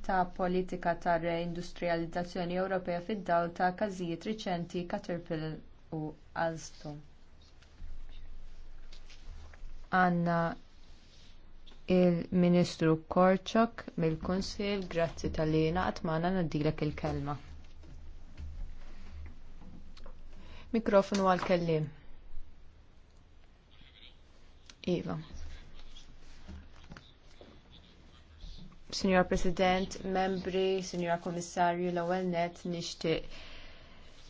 ta' politika ta' reindustrializzazzjoni Ewropea fid-dawl ta' każijiet riċenti Caterpillar u Alstom. Għanna il-Ministru Korczok mill-Kunsil, grazzi tal-lina għatmana nadilek il-kelma. Mikrofonu għal-kellim. Iva. Signor President, membri, Signor Komissarju, l-ewwel net nixtieq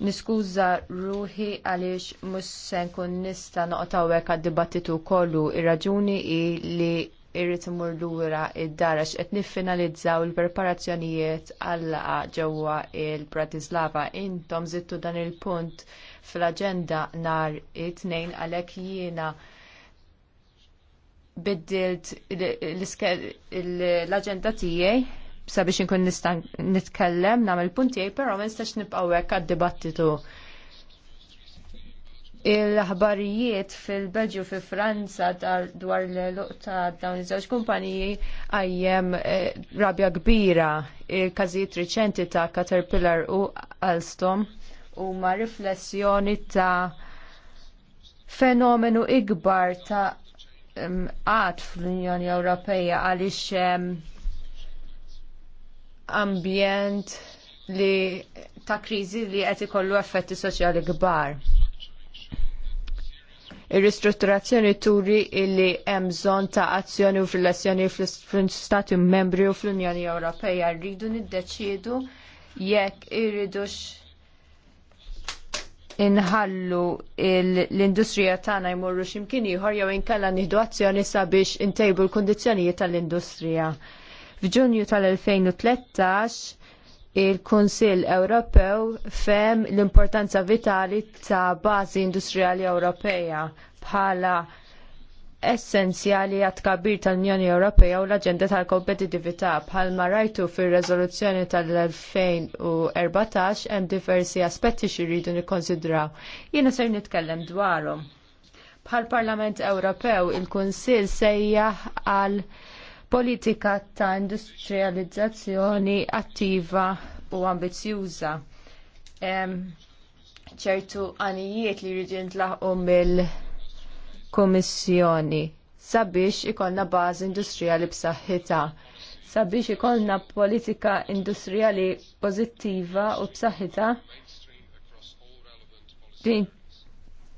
niskuża ruħi għaliex mhux se nkun nista' noqgħod hawnhekk għad-dibattitu kollu. Ir-raġuni hi li irrid imur lura id darax qed niffinalizzaw il-preparazzjonijiet għallaqa ġewwa il-Bratislava. Intom żittu dan il-punt fl-aġenda nhar it-tnejn għalhekk jiena biddilt l-agenda tiegħi sabiex inkun nista' nitkellem nagħmel punt tiegħi, però ma nistax nibqgħu hekk għad-dibattitu. Il-aħbarijiet fil-Belġju fi Franza dwar l-eluq ta' dawn iż-żewġ kumpaniji għajjem eh, rabja kbira il-każijiet riċenti ta' Caterpillar u Alstom huma riflessjoni ta' fenomenu ikbar ta' għad fl-Unjoni Ewropeja għaliex ambjent li ta' kriżi li qed ikollu effetti soċjali kbar. Ir-ristrutturazzjoni turi illi hemm bżonn ta' azzjoni u fil-azzjoni fl-Stati membri u fl-Unjoni Ewropeja rridu niddeċiedu jekk irridux inħallu l-industrija tagħna jmorru x'imkien ieħor jew inkella nieħdu azzjoni sabiex intejbu l-kundizzjonijiet tal-industrija. F'Ġunju tal-2013 il-Kunsill Ewropew fem l-importanza vitali ta' bażi industrijali Ewropea bħala essenzjali għat kabir tal-Unjoni Ewropea u l-Aġenda tal-Kompetitività bħalma rajtu fir-Reżoluzzjoni tal-2014 hemm diversi aspetti rridu nikkonsidraw. Jiena ser nitkellem dwarhom. Bħal Parlament Ewropew il-Kunsill sejjaħ għal politika ta' industrializzazzjoni attiva u ambizjuża. ċertu għanijiet li rridu jintlaħqu mill- kummissjoni sabiex ikollna bażi industrijali b'saħħita, sabiex ikollna politika industrijali pożittiva u b'saħħita. din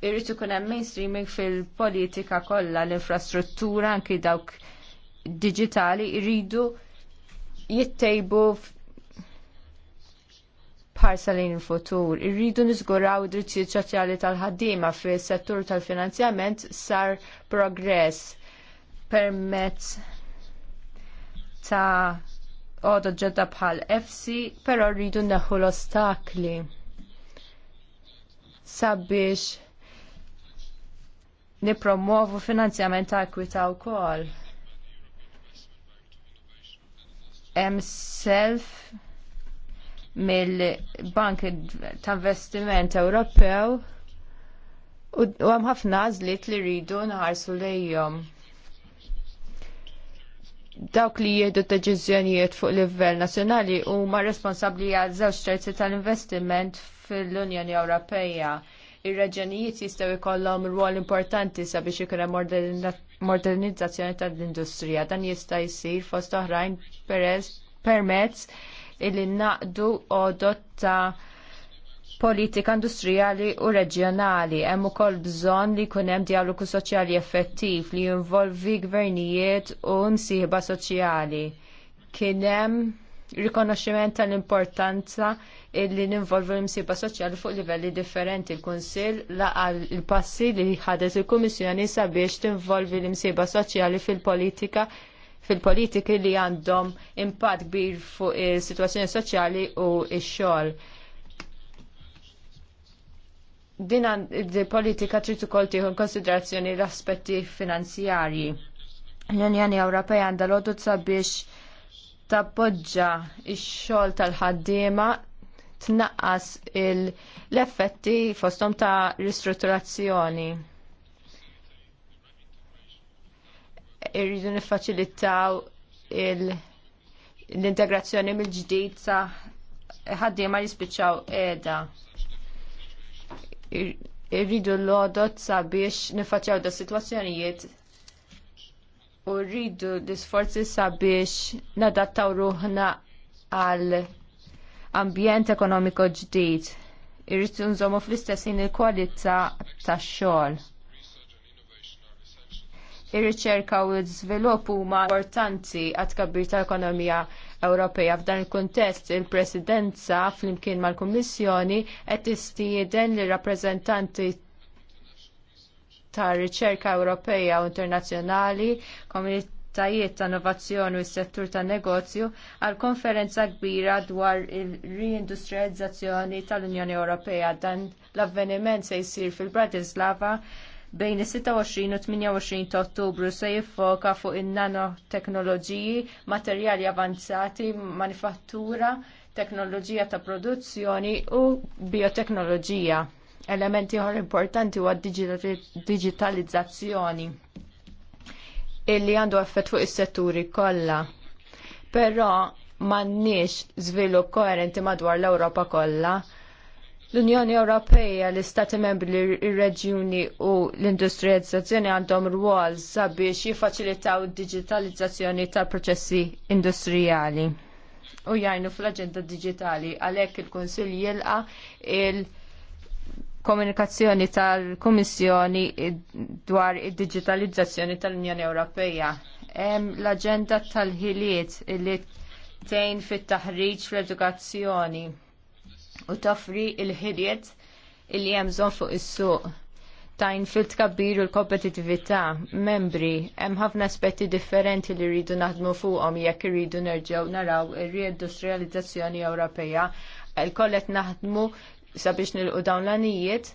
irrid ikun hemm mainstreaming fil-politika kollha l-infrastruttura anki dawk digitali jridu jittejbu parsa lejn il-futur. Irridu niżguraw id-drittijiet soċjali tal-ħaddiema fis settur tal-finanzjament sar progress permezz ta' għodu ġedda bħal FC, pero rridu neħu l-ostakli sabiex nipromovu finanzjament ta' ekwita u kol. Em self mill-Bank ta' Investiment Ewropew u hemm ħafna għażliet li rridu nħarsu lejhom. Dawk li jieħdu deċiżjonijiet fuq livell nazzjonali huma responsabbli għal żewġ terzi tal-investiment fil-Unjoni Ewropea. Ir-reġjonijiet jistgħu jkollhom rwol importanti sabiex ikun hemm modernizzazzjoni tal-industrija. Dan jista' jsir fost oħrajn permezz illi naqdu odot ta' politika industrijali u reġjonali. Hemm ukoll bżonn li jkun hemm dialogu soċjali effettiv li jinvolvi gvernijiet u msieħba soċjali. Kien hemm rikonoxximent tal-importanza li ninvolvu l-imsiba soċjali fuq livelli differenti. Il-Kunsill laqal il-passi li ħadet il-Kummissjoni sabiex tinvolvi l-imsiba soċjali fil-politika fil-politiki li għandhom impatt kbir fuq is-sitwazzjoni soċjali u x-xogħol. Din il-politika trid ukoll tieħu konsiderazzjoni l-aspetti finanzjarji. L-Unjoni Ewropea għandha l sabiex tappoġġa x-xogħol tal-ħaddiema tnaqqas l-effetti fosthom ta' ristrutturazzjoni. irridu niffaċilitaw l-integrazzjoni mill-ġdid sa ħaddiema li jispiċċaw qiegħda. Irridu l-għodot sabiex niffaċċjaw da situazzjonijiet u rridu l-isforzi sabiex nadattaw ruħna għal ambjent ekonomiko ġdid. Irridu nżommu fl-istessin il-kwalità tax-xogħol. Ir-riċerka u l-żvilupp huma importanti għat kabbir tal-ekonomija Ewropea f'dan il-kuntest il-Presidenza flimkien mal-Kummissjoni qed tistieden li rappreżentanti tar riċerka Ewropea u internazzjonali, Komunitajiet ta' innovazzjoni u s-settur tan negozju għal konferenza kbira dwar il-reindustrializzazzjoni tal-Unjoni Ewropea. Dan l-avveniment se jsir fil-Bratislava bejn is-26 u 28 ta' Ottubru se jiffoka fuq in-nanoteknoloġiji, materjali avanzati, manifattura, teknoloġija ta' produzzjoni u bioteknoloġija. Elementi ħor importanti huwa digitalizzazzjoni illi għandu effett fuq is-setturi kollha. Però m'għandniex żvilupp koerenti madwar l-Ewropa kollha L-Unjoni Ewropea, l-Istati Membri, l-Reġjuni u l-Industrializzazzjoni għandhom rwol sabiex jifaċilitaw digitalizzazzjoni tal-proċessi industrijali u jajnu fl-aġenda digitali għalhekk il-Kunsill jilqa il-komunikazzjoni tal-Kummissjoni dwar id-digitalizzazzjoni tal-Unjoni Ewropea. L-aġenda tal-ħiliet li tgħin fit-taħriġ fl-edukazzjoni u toffri il ħidiet il-li jemżon fuq is-suq ta' fil tkabbir u l-kompetitività membri hemm ħafna aspetti differenti li rridu naħdmu fuqhom jekk irridu nerġgħu naraw ir-reindustrializzazzjoni Ewropea kollet naħdmu sabiex nilqu dawn l-anijiet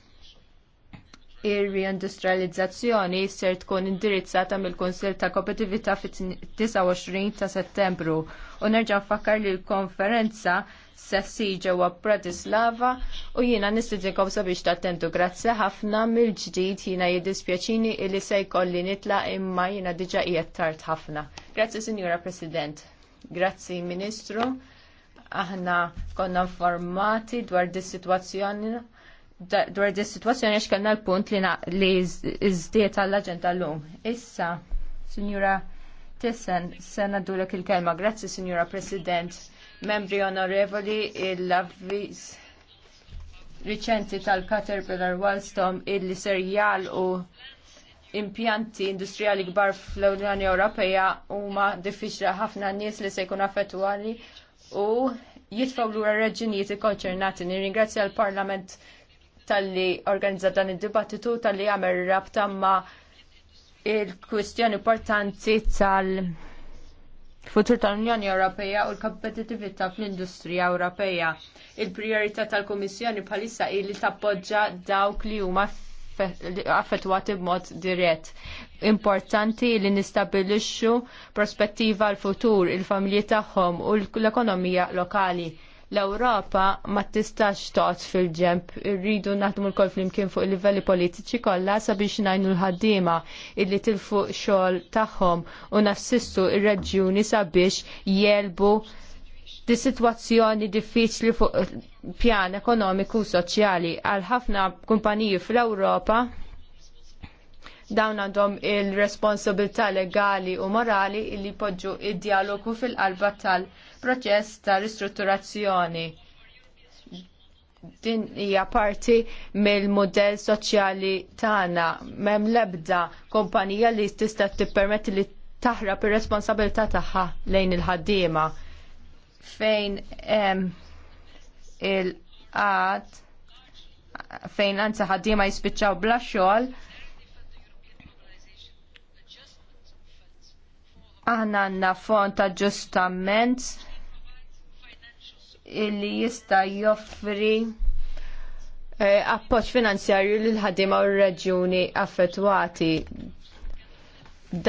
ir-reindustrializzazzjoni ser tkun indirizzata mill-Kunsill ta' Kompetitività fit-29 ta' Settembru u nerġa' nfakkar li l-konferenza sessi ġewwa Bratislava u jiena nistidikom sabiex tattentu grazzi ħafna mill-ġdid jiena jiddispjaċini illi se jkolli nitla imma jiena diġà qiegħed tard ħafna. Grazzi Sinjura President. Grazzi Ministru. Aħna konna informati dwar dis-sitwazzjoni dwar dis-sitwazzjoni għax kellna l-punt li iżdiet għall-aġenda llum. Issa, Sinjura Tissen, sena nadulek il-kelma. Grazzi, Signora President membri onorevoli il-avviz riċenti tal-Caterpillar Wallstom illi ser u impjanti industrijali kbar fl-Unjoni Ewropea huma diffiċli ħafna nies li se jkun affettwali u jitfaw lura reġinijiet ikkonċernati. Nirringrazzja l-Parlament tal-li organizza dan id-dibattitu tal-li rabta ma' il-kwistjoni importanti tal- futur tal-Unjoni Ewropea u l-kompetitività fl-industrija Ewropea. Il-priorità tal-Kummissjoni bħalissa il li tappoġġa dawk li huma affettwati b'mod dirett. Importanti li nistabilixxu prospettiva l-futur, il-familji tagħhom u l-ekonomija lokali l-Ewropa ma tistax toqgħod fil-ġemp, irridu naħdmu l-kol flimkien fuq il-livelli politiċi kollha sabiex ngħinu l-ħaddiema illi tilfu xogħol tagħhom u nassistu ir-reġjuni sabiex jelbu di situazzjoni diffiċli fuq pjan ekonomiku u soċjali għal ħafna kumpaniji fl-Ewropa dawn għandhom il-responsabilità legali u morali li poġġu id-dialogu fil-qalba tal-proċess ta' ristrutturazzjoni. Din hija parti mill-modell soċjali tagħna m'hemm l-ebda kumpanija li tista' tippermetti li taħrab ir-responsabilità tagħha lejn il-ħaddiema fejn il-qad fejn anzi ħaddiema jispiċċaw bla xogħol Aħna għandna fond ta' aġġustament illi jista' joffri eh, appoġġ finanzjarju lil ħaddiema u r-reġjuni affettwati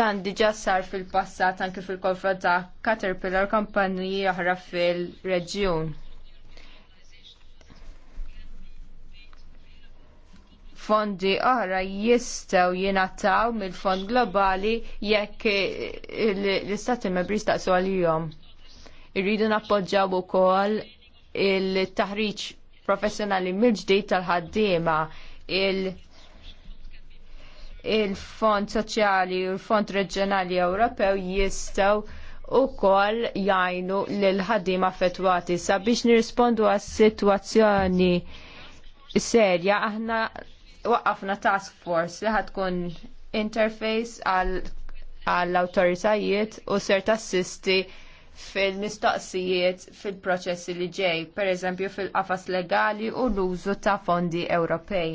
dan diġa sar fil-passat anke fil-konfront ta' Caterpillar kampanji oħra fil-reġjun. fondi oħra jistgħu jingħataw mill-fond globali jekk l-istati membri staqsu għalihom. Irridu nappoġġaw ukoll il-taħriġ professjonali mill-ġdid tal-ħaddiema il- il-Fond Soċjali u l-Fond Reġjonali Ewropew jistgħu wkoll jgħinu lil ħaddiema affettwati sabiex nirrispondu għas-sitwazzjoni serja aħna waqqafna task force li ħatkun interface għall awtoritajiet u ser tassisti fil-mistoqsijiet fil-proċessi li ġej, pereżempju fil-qafas legali u l-użu ta' fondi Ewropej.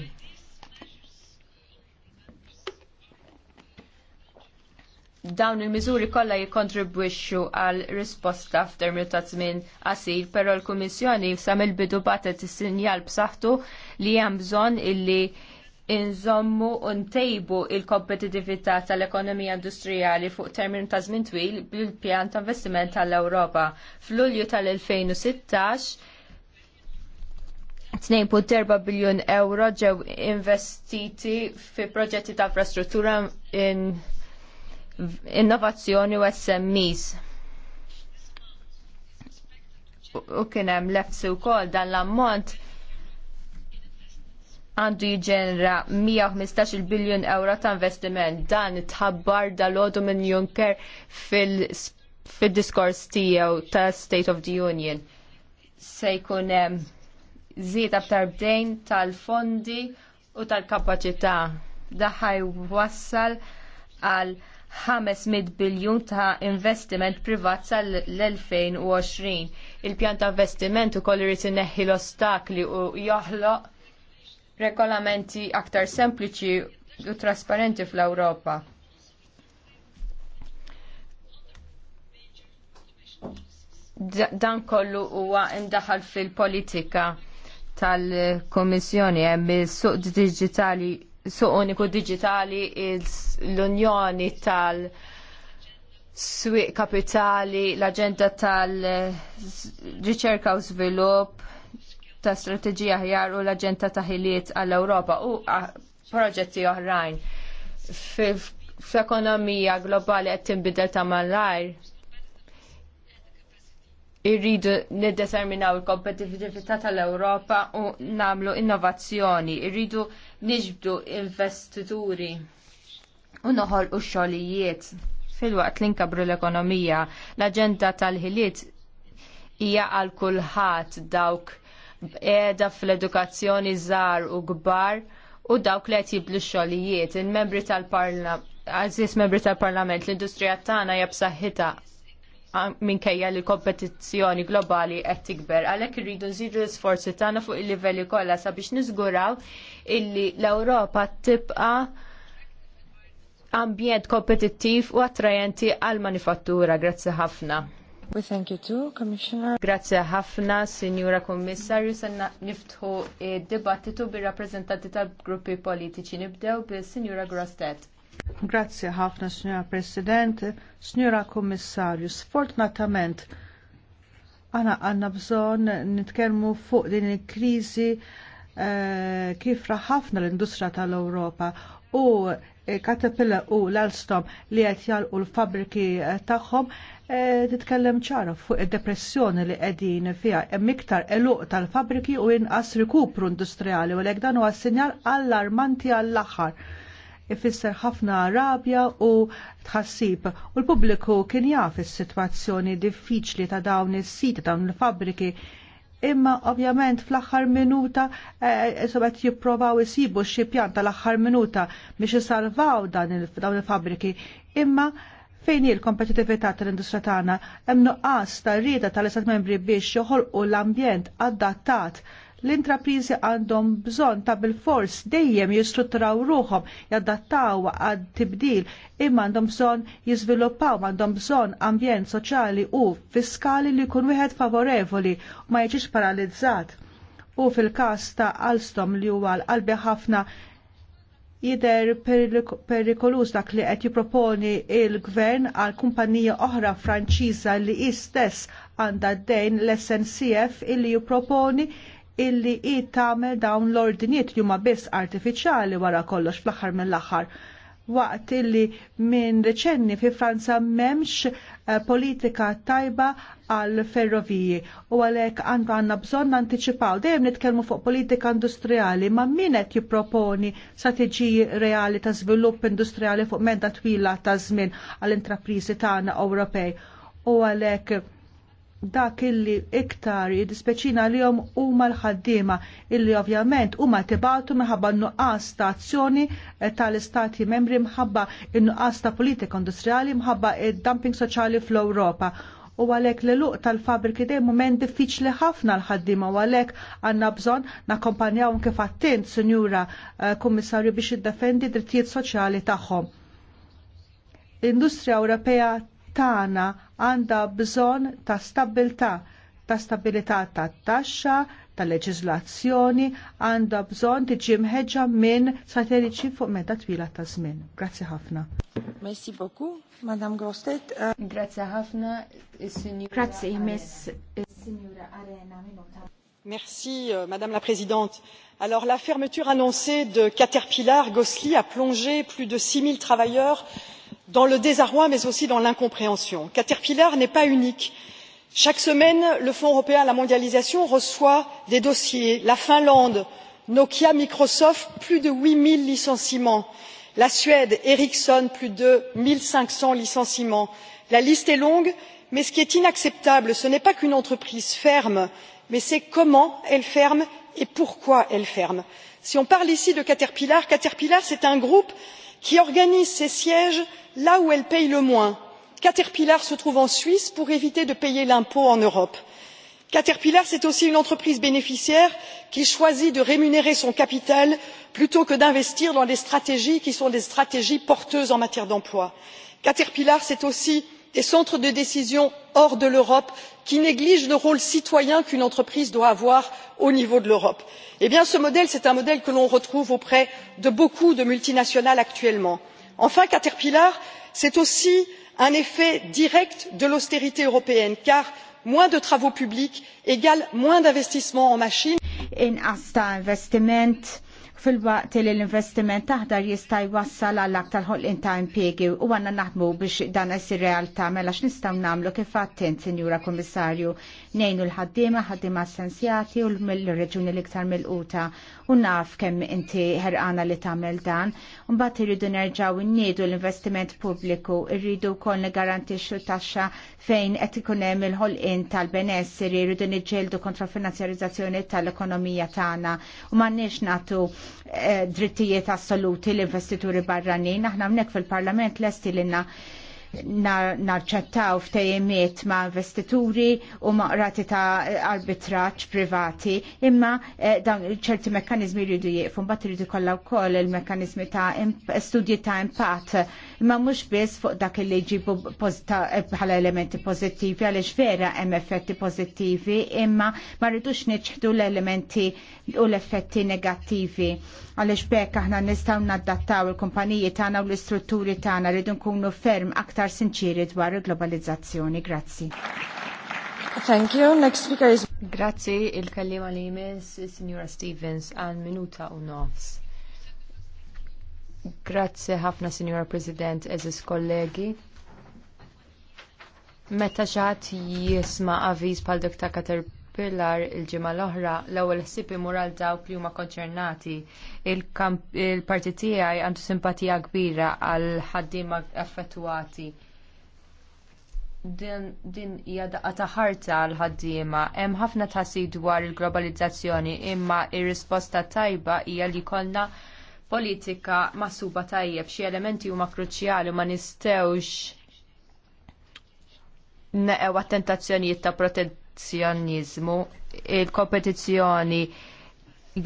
Dawn il-miżuri kollha jikkontribwixxu għal risposta f'terminu ta' żmien qasir, però l-Kummissjoni sa mill bidu batet is-sinjal b'saħħtu li hemm bżonn illi inżommu u ntejbu il-kompetitività tal-ekonomija industrijali fuq termin ta' żmien twil bil-pjan ta' investiment tal-Ewropa. F'Lulju tal-2016 2.4 biljun euro ġew investiti fi proġetti ta' infrastruttura in innovazzjoni u SMEs. U kien hemm lefsi wkoll dan l-ammont għandu jġenra 115 biljon euro ta' investiment. Dan tħabbar dal għodu minn Juncker fil-diskors fil tiegħu ta' State of the Union. Se jkun hemm żieda bdejn tal-fondi u tal-kapaċità. Daħaj wassal għal 500 biljun ta' investiment privat sal-2020. Il-pjan ta' investiment ukoll irid inneħħi l-ostakli u joħloq regolamenti aktar sempliċi u trasparenti fl-Ewropa. Dan kollu huwa indaħal fil-politika tal-Komissjoni hemm is-suq digitali, suq uniku digitali, l-Unjoni tal- swieq kapitali, l-agenda tal-riċerka u svilupp, ta' strategija ħjar u l-aġenda ta' ħiliet għall-Ewropa u proġetti oħrajn f'ekonomija globali qed tinbidel ta' malajr irridu niddeterminaw il-kompetitività tal-Ewropa u namlu innovazzjoni, irridu niġbdu investituri u noħol u xolijiet. Fil-waqt li nkabru l-ekonomija, l-agenda tal-ħiliet hija għal kulħadd dawk qiegħda fl-edukazzjoni żgħar u kbar u dawk li qed jiblu xogħlijiet. Il-membri tal-Parlament Aziz membri tal-Parlament, l-industrija tagħna hija b'saħħitha minkejja li kompetizzjoni globali qed tikber. Għalhekk irridu nżidu l-isforzi tagħna fuq il-livelli kollha sabiex niżguraw illi l-Ewropa tibqa' ambjent kompetittiv u attrajenti għall manifattura Grazzi ħafna. We thank you too, Commissioner. Grazie ħafna, Signora Kommissarju, sanna niftħu id-dibattitu eh, bir rappresentanti tal-gruppi politiċi. Nibdew bi Signora Grostet. Grazie ħafna, Signora President, Signora Kommissarju. Sfortunatament, għana għanna bżon nitkelmu fuq din il-krizi eh, kif raħafna l-industrija tal-Europa u eh, Caterpillar u l-Alstom li għet u l-fabriki tagħhom Eh, titkellem ċara fuq id-depressjoni li qegħdin fiha hemm iktar eluq tal-fabriki u inqas rikupru industrijali u lek dan huwa sinjal allarmanti għall-aħħar ifisser ħafna rabja u tħassib. U l-pubbliku kien jaf is-sitwazzjoni diffiċli ta' dawn is-siti dawn il-fabriki imma ovvjament fl-aħħar minuta eh, qed jipprovaw isibu xi pjanta tal-aħħar minuta biex isalvaw dawn il-fabriki imma fejn hi l-kompetitività tal-industrija tagħna hemm nuqqas ta' rieda tal-Istat membri biex joħolqu l-ambjent adattat l-intrapriżi għandhom bżonn ta' bil-fors dejjem jistrutturaw ruhom, jadattaw għad tibdil, imma għandhom bżonn jiżviluppaw, għandhom bżonn ambjent soċjali u fiskali li jkun wieħed favorevoli ma jiġix paralizzat. U fil każ ta' Alstom li huwa l-qalbi ħafna jider perikolus dak li qed jipproponi il-gvern għal kumpanija oħra Franċiża li istess għandha d-dejn l-SNCF illi jipproponi illi i tagħmel dawn l ordiniet li huma biss artifiċjali wara kollox fl-aħħar mill-aħħar waqt illi minn reċenni fi Franza memx eh, politika tajba għal ferroviji u għalhekk għandu għandna bżonn anticipaw dejjem nitkellmu fuq politika industrijali ma' min qed jipproponi strateġiji reali ta' żvilupp industrijali fuq menda twila ta' żmien għall intrapriżi tagħna Ewropej u għalhekk dak illi iktar jidispeċina li jom u mal-ħaddima illi ovvjament u ma tibatu minħabba nuqqas ta' azzjoni eh, tal-istati membri mħabba nuqqas ta' politika industriali, mħabba id-dumping soċjali fl-Europa u għalek l luq tal-fabriki dej moment diffiċli ħafna l-ħaddima u għalek għanna bżon nakompanjaw kif attent, Sinjura eh, Kummissarju, biex id-defendi drittijiet soċjali tagħhom. L-industrija Ewropea tagħna għandha bżon ta' stabilità, ta' stabilità ta' taxxa, ta' leġiżlazzjoni, għandha bżon tiġi mħeġġa minn satelliċi fuq meta twila ta' żmien. Grazzi ħafna. Merci beaucoup, Madame Grostet. Euh, Grazie ħafna, signora. Grazie, Miss. Signora Arena, minuta. Merci, euh, Madame la Présidente. Alors, la fermeture annoncée de Caterpillar Gosli a plongé plus de 6000 travailleurs dans le désarroi, mais aussi dans l'incompréhension. Caterpillar n'est pas unique. Chaque semaine, le Fonds européen à la mondialisation reçoit des dossiers. La Finlande, Nokia, Microsoft, plus de 8000 licenciements la suède ericsson plus de un cinq cents licenciements la liste est longue mais ce qui est inacceptable ce n'est pas qu'une entreprise ferme mais c'est comment elle ferme et pourquoi elle ferme. si on parle ici de caterpillar caterpillar c'est un groupe qui organise ses sièges là où elle paie le moins. caterpillar se trouve en suisse pour éviter de payer l'impôt en europe caterpillar c'est aussi une entreprise bénéficiaire qui choisit de rémunérer son capital plutôt que d'investir dans des stratégies qui sont des stratégies porteuses en matière d'emploi. caterpillar c'est aussi des centres de décision hors de l'europe qui négligent le rôle citoyen qu'une entreprise doit avoir au niveau de l'europe. Eh ce modèle c'est un modèle que l'on retrouve auprès de beaucoup de multinationales actuellement. enfin caterpillar c'est aussi un effet direct de l'austérité européenne car moins de travaux publics égale moins d'investissements en machines. Inqas ta' investiment fil-waqt li l-investiment taħdar jista' jwassal għal aktar ħolqien ta' impjegi u għandna naħdmu biex dan isir realtà mela x'nistgħu nagħmlu kif attent, Sinjura Kummissarju, nejnu l-ħaddima, ħaddima essenzjati u l-reġuni l-iktar mill-quta. U naf kemm inti ħerqana li tagħmel dan. Mbagħad irridu n nniedu l-investiment pubbliku, irridu wkoll nigarantixxu taxxa fejn qed ikun hemm il-ħolqien tal benessir irridu niġġieldu kontra finanzjarizzazzjoni tal-ekonomija tagħna u m'għandniex nagħtu eh, drittijiet assoluti l-investituri barranin. Aħna mnek fil-Parlament l lilna narċattaw ftejemiet ma' investituri u ma' rati ta' arbitraċ privati, imma eh, dan ċerti mekkanizmi rridu jieqfu, mbagħad irridu kollaw wkoll il-mekkanizmi ta' studji ta' impatt imma mhux biss fuq dak li jġibu eh, bħala elementi pożittivi għaliex vera hemm effetti pożittivi imma ma rridux niċħdu l-elementi u l-effetti negattivi għaliex bekk aħna nistgħu naddattaw il-kumpaniji tagħna u l-istrutturi tagħna rridu nkunu ferm aktar sinċiri dwar il-globalizzazzjoni. Grazzi. Thank you. Next speaker is... Grazzi il-kallima li jmiss, Signora Stevens, għal minuta u nofs. Grazzi ħafna, Signor President, eżis kollegi. Meta xaħat jisma avviż pal ta' Caterpillar il-ġimgħa l-oħra, l-ewwel ħsieb imur għal dawk li huma konċernati. Il-parti tiegħi għandu simpatija kbira għal ħaddiema affettwati. Din hija daqqa ta' ħarta għal ħaddiema. Hemm ħafna tasid dwar il-globalizzazzjoni, imma ir-risposta tajba hija li jkollna politika masuba tajjeb, xi elementi huma kruċjali ma nistgħux neqgħu attentazzjonijiet ta' protezzjonizmu. Il-kompetizzjoni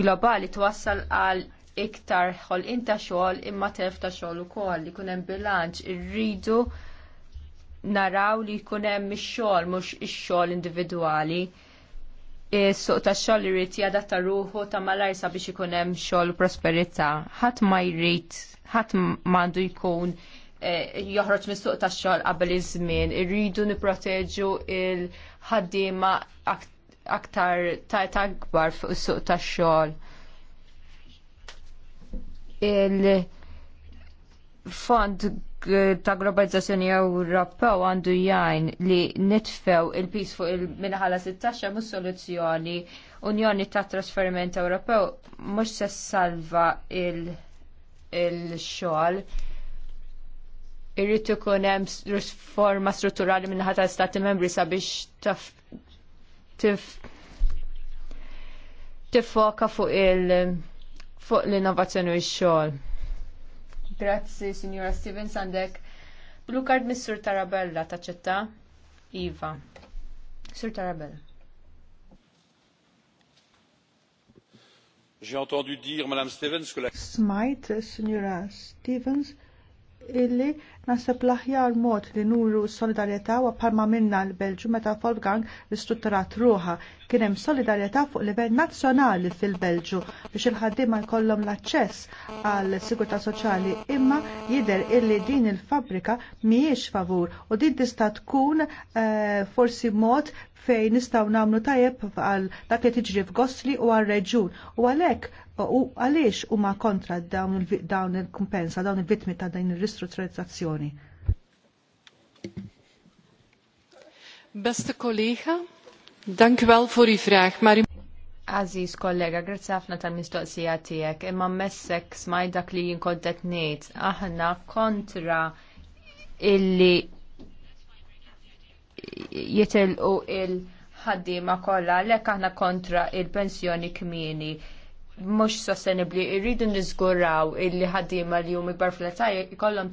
globali twassal għal iktar ħolqien ta' xogħol imma telf ta' xogħol ukoll li hemm bilanċ irridu naraw li jkun hemm ix-xogħol mhux ix-xogħol individwali is-suq tax-xogħol irid jadatta ruħu ta' malajr biex ikun hemm xogħol prosperità. Ħadd ma jrid, ħadd m'għandu jkun eh, joħroġ mis-suq tax-xogħol qabel iż-żmien, irridu nipproteġu il-ħaddiema aktar ta' akbar fuq is-suq tax-xogħol fond ta' globalizzazzjoni Ewropew għandu jgħin li nitfew il-pis fuq il-minħala 16 mhux soluzzjoni Unjoni ta' Trasferiment Ewropew mhux se salva il-xogħol. Irrid ikun hemm riforma strutturali minħa ta' stati membri sabiex taf tifoka fuq il fuq l-innovazzjoni u x-xogħol. Grazzi, Signora Stevens, għandek. Blue card Miss Sur Tarabella, taċċetta? Iva. Sur Tarabella. J'ai entendu dire, Madame Stevens, que la... Smite, Signora Stevens, illi nasib l-aħjar mod li nuru solidarjetà u parma minna l-Belġu meta l-istrutturat ruħa. Kien hemm solidarjetà fuq livell nazzjonali fil-Belġu biex il-ħaddiema jkollhom l-aċċess għal sigurtà soċjali imma jidher illi din il-fabrika mhijiex favur u din tista' tkun eh, forsi mod fejn nistgħu nagħmlu tajjeb għal dak li tiġri f'Gosli u għal-Reġun u għalhekk u għaliex huma kontra dawn il-kumpensa, dawn il-vittmi ta' dawn il-ristrutturizzazzjoni. Beste kollega, dank wel voor uw vraag, Aziz kollega, grazzi ħafna tal-mistoqsija tiegħek, imma messek smaj dak li jinkodet ngħid. Aħna kontra illi jitilqu il-ħaddiema kollha, għalhekk aħna kontra il-pensjoni kmieni mhux sostenibbli, irridu niżguraw illi ħaddiema li hum ikbar fl-età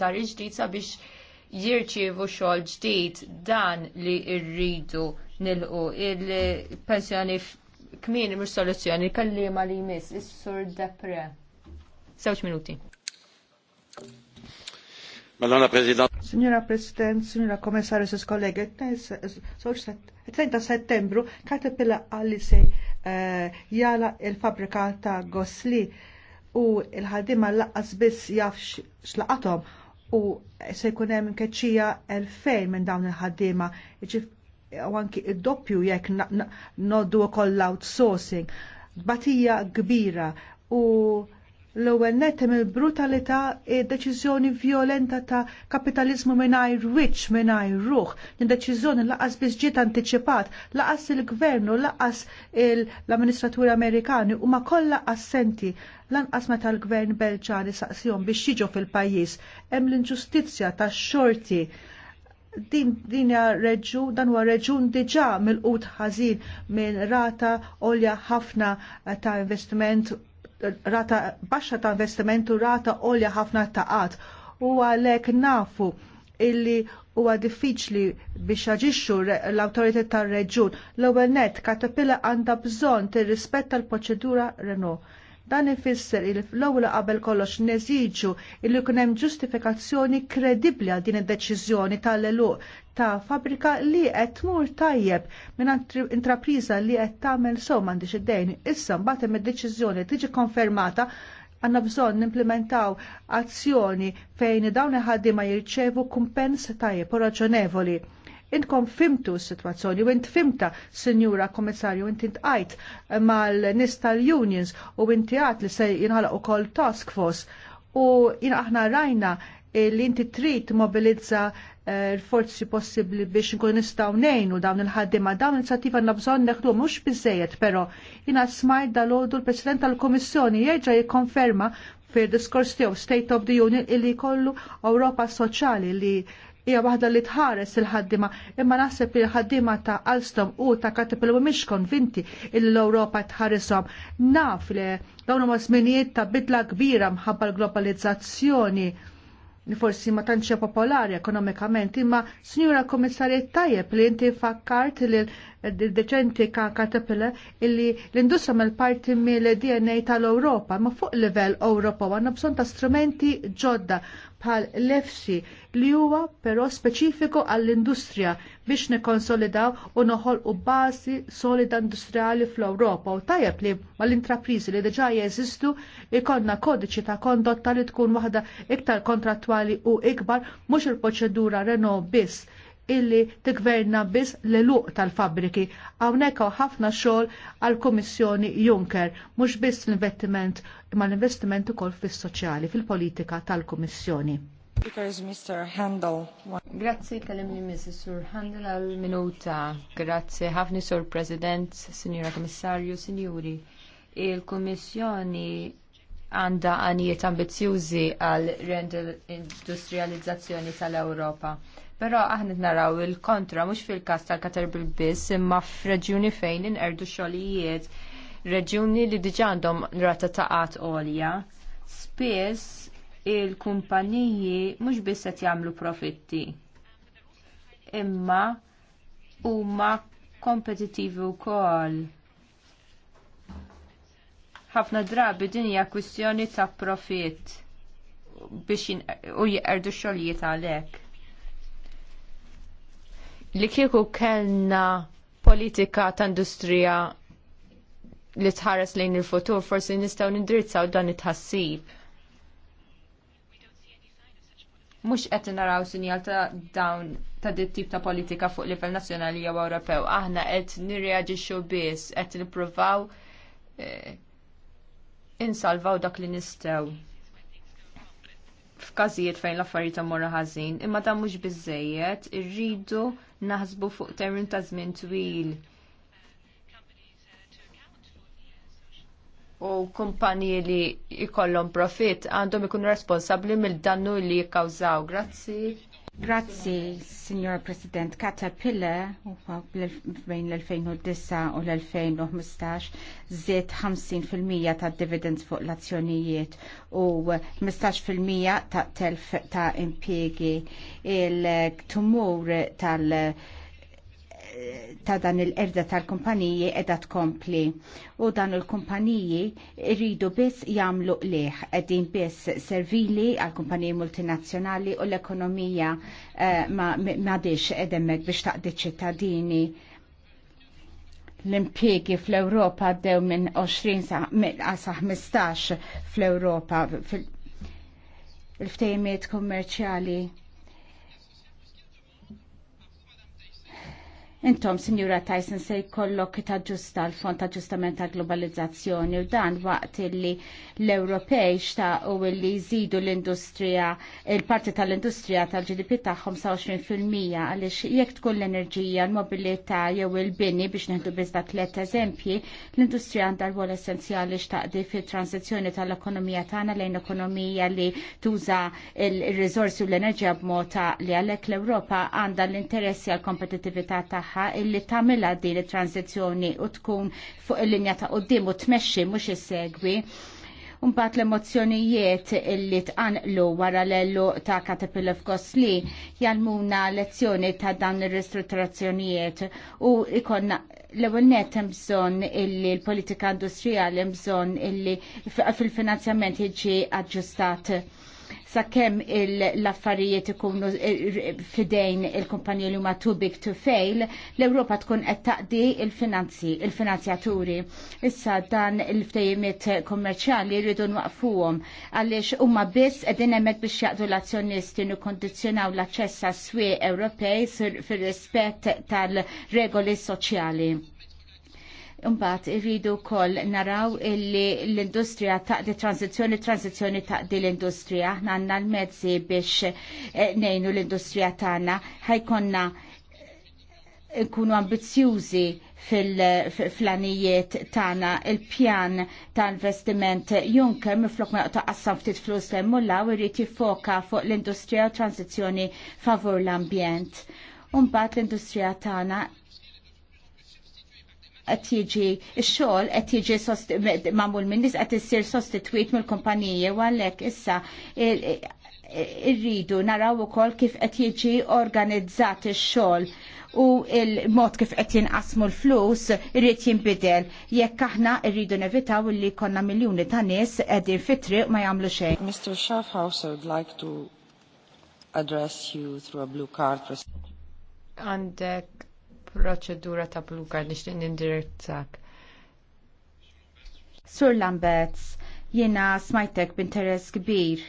tar ġdid sabiex jirċievu xogħol ġdid dan li rridu nilqu il-pensjoni kmieni mhux soluzzjoni ma li jmiss is-sur Depre. Sewġ minuti. Madonna President. Signora President, signora Commissario, s kollegi, 30 ta' settembru, Caterpillar għalli sej Eh, jala il-fabrika ta' gosli u il-ħadima laqqas biss jaf xlaqatom u se jkun hemm keċija elfejn minn dawn il-ħaddiema u anki id-doppju jekk noddu wkoll outsourcing. Batija kbira u l-ewwel nettem il-brutalità e deċiżjoni violenta ta' kapitalizmu mingħajr wiċċ mingħajr ruħ. Din deċiżjoni laqas biss ġiet antiċipat, laqas il-gvernu, laqas l-amministraturi Amerikani huma kollha assenti lanqas meta tal gvern Belġani saqsihom biex jiġu fil-pajjiż. Hemm l-inġustizzja tax-xorti din din reġun dan huwa reġun diġà mill qud ħażin minn rata olja ħafna ta' investiment rata baxxa ta' investimentu rata olja ħafna ta' qatt u għalhekk nafu illi huwa diffiċli biex aġixxu l-awtorità tar-reġjun. L-ewwel net katapilla għandha bżonn tirrispetta l-proċedura Renault. Dan ifisser il l-ewwel qabel kollox neżiġu illi jkun hemm ġustifikazzjoni kredibbli għal din id-deċiżjoni tal-eluq ta' fabrika li qed tmur tajjeb minn intrapriża li qed tagħmel sew m'għandix id-dejn. Issa mbagħad hemm id-deċiżjoni tiġi konfermata għanna bżon nimplementaw azzjoni fejn dawn ma jirċevu kumpens tajjeb u raġonevoli. Intkom fimtu s-situazzjoni u int fimta, Sinjura Komissarju, int intqajt mal-nis tal-unions u inti għat li se jinħalaq u kol task force u jina aħna rajna li inti trid mobilizza l-forzi eh, possibbli biex nkun nistgħu ngħinu dawn il ħaddima dawn inizjattiva na bżonn neħdu mhux biżejjed però jiena smajt dalodu l-President tal-Kummissjoni jerġa' jikkonferma fir-diskors tiegħu State of the Union illi jkollu Ewropa Soċjali li hija waħda li tħares il-ħaddima, imma naħseb li l-ħaddima ta' Alstom u ta' Caterpillar mhix konvinti illi l-Ewropa tħaresom. Naf li dawn huma żminijiet ta' bidla kbira mħabba l-globalizzazzjoni forsi ma tantx popolari ekonomikament, imma Sinjura Komissarju tajjeb li inti fakkart li deċenti ka' Caterpillar illi l-industrija mill parti mill-DNA tal-Europa ma' fuq livell Ewropa wa bżonn ta' strumenti ġodda bħal l-EFSI li huwa però speċifiku għall-industrija biex nikonsolidaw u noħol u bażi solida industrijali fl-Ewropa u tajjeb li mal-intrapriżi li diġà jeżistu ikonna kodiċi ta' kondotta li tkun waħda iktar kontrattwali u ikbar mhux il-proċedura Renault biss illi tigverna biss l luq tal-fabriki. Hawnhekk hawn ħafna xogħol għall-Kummissjoni Juncker, mhux biss l-investiment ma l-investiment ukoll fis-soċjali fil-politika tal-Kummissjoni. Grazzi kellimni Mrs. Sur Handel għal minuta. Grazzi ħafni Sur President, Signora Komissarju, Sinjuri. Il-Kummissjoni għanda għanijiet ambizjużi għal industrializzazzjoni tal-Europa. Però aħna naraw il-kontra mhux fil-każ tal-Caterpillar biss imma f'reġjuni fejn inqerdu xogħlijiet, reġjuni li diġà għandhom rata ta' qatt għolja. Spiss il-kumpaniji mhux biss qed jagħmlu profitti. Imma huma kompetittivi wkoll ħafna drabi din hija kwistjoni ta' profitt, biex u jqerdu xogħlijiet għalhekk li kieku kellna politika ta' industrija li tħares lejn il-futur forsi nistgħu nindirizzaw dan it-ħassib. Mhux qed naraw sinjal ta' dawn ta' dit tip ta' politika fuq livell nazzjonali jew Ewropew. Aħna qed nirreaġixxu biss, qed nippruvaw eh, insalvaw dak li nistgħu f'każijiet fejn l-affarijiet morra ħażin, imma dan mhux biżejjed, irridu naħsbu fuq termin ta' żmien twil. U kumpanji li jkollhom profitt għandhom ikunu responsabbli mill-dannu li jikkawżaw. Grazzi. Grazzi, Signor President. Caterpillar, bejn l-2009 u l-2015, zed 50% ta' dividends fuq l-azzjonijiet u 15% ta' telf ta' impiegi. Il-tumur tal- ta' dan il-erda tal-kumpaniji edha tkompli u dan il-kumpaniji irridu biss jamlu liħ edin biss servili għal-kumpaniji multinazzjonali u l-ekonomija eh, ma, ma edemmek biex taqdi ċittadini l-impiegi fl-Europa dew minn 20 sa 15 fl-Europa fil-ftejmiet kummerċjali Intom, Signora Tyson, se jkollok ta' ġusta l-fond ta' ġustament ta' globalizzazzjoni u dan waqt illi l-Ewropej xta' u illi jżidu l-industrija, il-parti tal-industrija tal-GDP ta' 25% għalix jekk tkun l-enerġija, l-mobilita jew il-bini biex neħdu bizda tlet eżempji, l-industrija għandha rwol essenzjali xtaqdi fit transizjoni tal-ekonomija tagħna lejn ekonomija li tuża il rizorsi u l-enerġija b'mod li għalhekk l-Ewropa għandha l-interessi għal kompetitività ta' tagħha illi tagħmilha din it-tranzizzjoni u tkun fuq il-linja ta' qudiem u tmexxi mhux issegwi. Mbagħad l emozjonijiet illi tqanqlu wara l-ellu ta' Caterpillar f'Gosli jalmuna lezzjoni ta' dan ir-ristrutturazzjonijiet u ikonna l-ewwel net hemm bżonn illi l-politika industrijali hemm bżonn illi fil-finanzjament jiġi aġġustat sakemm l-affarijiet ikunu fidejn il-kumpanji li huma too big to fail, l-Ewropa tkun qed taqdi il-finanzi, il-finanzjaturi. Issa dan il-ftejimiet kommerċjali rridu nwaqfuhom għaliex huma biss qegħdin hemmhekk biex jaqdu l-azzjonisti nikkondizzjonaw l-aċċess għas-swieq Ewropej fir-rispett tal-regoli soċjali Imbagħad irridu wkoll naraw illi l-industrija transizzjoni tranzizzjoni, tranzizzjoni di l-industrija. Aħna għandna l-mezzi biex eh, ngħinu l-industrija tagħna ħajkonna nkunu ambizjużi fil-flanijiet tagħna il-pjan ta' investiment Juncker miflok ma ta' qassam ftit flus l u irrit jiffoka fuq l-industrija u transizjoni favur l-ambjent. Umbat l-industrija tagħna qed jiġi x-xogħol qed jiġi magħmul minn nies qed issir sostitwit mill-kumpaniji u għalhekk issa irridu naraw ukoll kif qed jiġi organizzat ix-xogħol u il-mod kif qed jinqasmu l-flus irrid jinbidel jekk aħna rridu nevitaw li konna miljuni ta' nies qegħdin fit-triq ma jagħmlu xejn. Mr. Schaffhauser would like to address you through a blue card. uh, proċedura ta' bluka card nixtieq nindirizzak. Sur Lambert, jiena smajtek b'interess kbir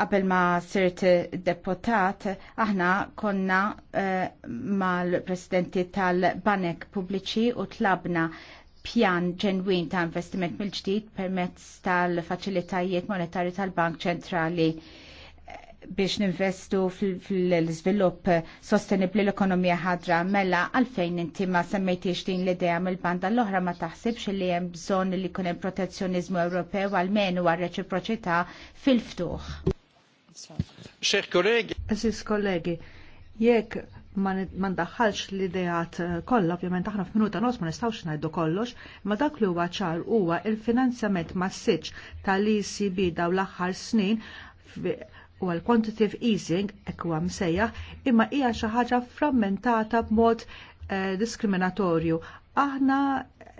qabel ma sirt deputat, aħna konna eh, mal-presidenti tal-banek pubbliċi u tlabna pjan ġenwin ta' investiment mill-ġdid permezz tal-faċilitajiet monetari tal-Bank Ċentrali biex ninvestu fil-svilupp sostenibli l-ekonomija ħadra mela għalfejn inti ma semmejtiex din l-idea mill-banda l-oħra ma taħsibx li hemm bżonn li jkun hemm protezzjonizmu Ewropew għalmenu għal reċiproċità fil-ftuħ. Xeħ kollegi. Aziz kollegi, jekk ma ndaħħalx l-idejat eh, kollha ovvjament aħna f'minuta nos ma nistgħux ngħidu kollox, ma dak li huwa ċar huwa il-finanzjament massiċ tal-ECB daw l-aħħar snin u għal quantitative easing hekk huwa msejjaħ, imma hija xi ħaġa frammentata b'mod eh, diskriminatorju. Aħna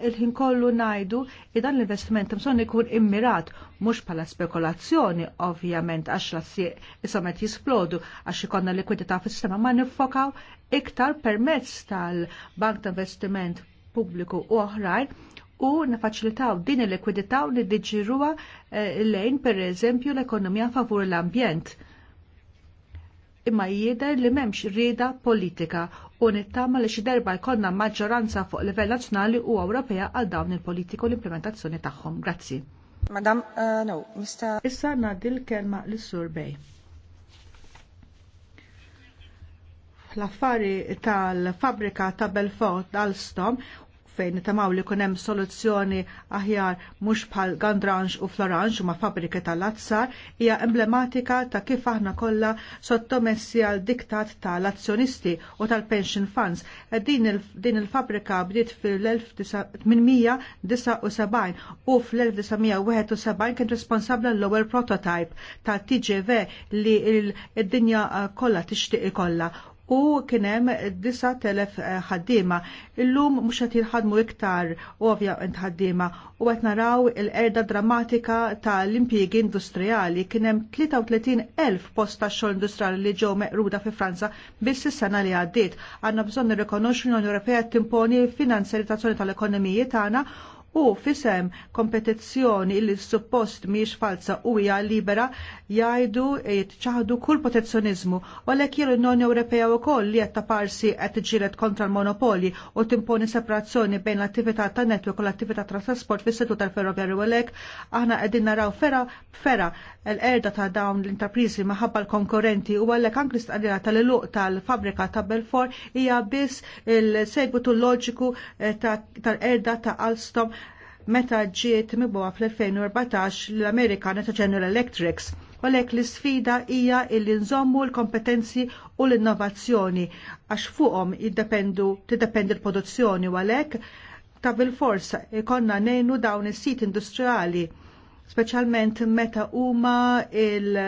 il-ħin kollu najdu li dan l-investiment mson ikun immirat mhux bħala spekulazzjoni ovvjament għax l-assieq isomet jisplodu għax ikonna likwidità fis-sistema ma nifokaw iktar permezz tal-Bank ta' Investiment Pubbliku u oħrajn u nafaċilitaw din il-likwidità u niddiġiruha eh, lejn pereżempju l-ekonomija favur l-ambjent imma jieder li memx rida politika u nittama li xi darba jkollna maġġoranza fuq livell nazzjonali u Ewropea għal dawn il-politiku l-implementazzjoni tagħhom. Grazzi. Madam, uh, no, Mr. Issa ngħaddi l-kelma lis sur L-affari tal-fabrika ta' Belfort Alstom fejn tamaw li kunem soluzzjoni aħjar mhux bħal Gandranġ u Florange ma fabrika tal-azzar hija emblematika ta' kif aħna kollha sottomessi għal diktat tal-azzjonisti u tal-pension funds. Din il-fabrika bdiet fil-1879 u fl-1971 kien responsabla l-ewwel prototype ta' TGV li il dinja kollha tixtieq ikollha u kienem 9.000 eh, ħaddima. Illum mux għat jirħadmu iktar ovja ħaddima u għat naraw il-erda drammatika ta' l-impiegi industriali kienem 33.000 posta xol industriali li ġew meqruda fi Franza biss is-sena li għaddiet. Għanna bżonn nirrikonoxxu l-Unjoni Ewropea timponi finanzjarizzazzjoni tal-ekonomiji tagħna u fisem kompetizzjoni li suppost miex falsa u hija libera jgħidu e, jitċaħdu kull protezzjonizmu u għalhekk jien l-Unjoni Ewropea wkoll li qed taparsi qed tiġġieled kontra l-monopoli u timponi separazzjoni bejn l-attività ta' netwerk u l-attività ta' trasport fis-settur tal-ferroviarju u għalhekk aħna qegħdin naraw fera fera l-erda ta' dawn l-intrapriżi maħabba l-konkurrenti u għalhekk anke l-istqarrira tal-iluq tal-fabrika ta' Belfort hija biss il-segwitu loġiku e, tal-erda ta' Alstom meta ġiet mibuha fl-2014 l-Amerikana General Electrics lek l-sfida hija illi nżommu l-kompetenzi u l-innovazzjoni għax fuqhom jiddependu tiddependi l-produzzjoni u għalek ta' bil forsa ikonna nejnu dawn is-sit industriali speċjalment meta huma il-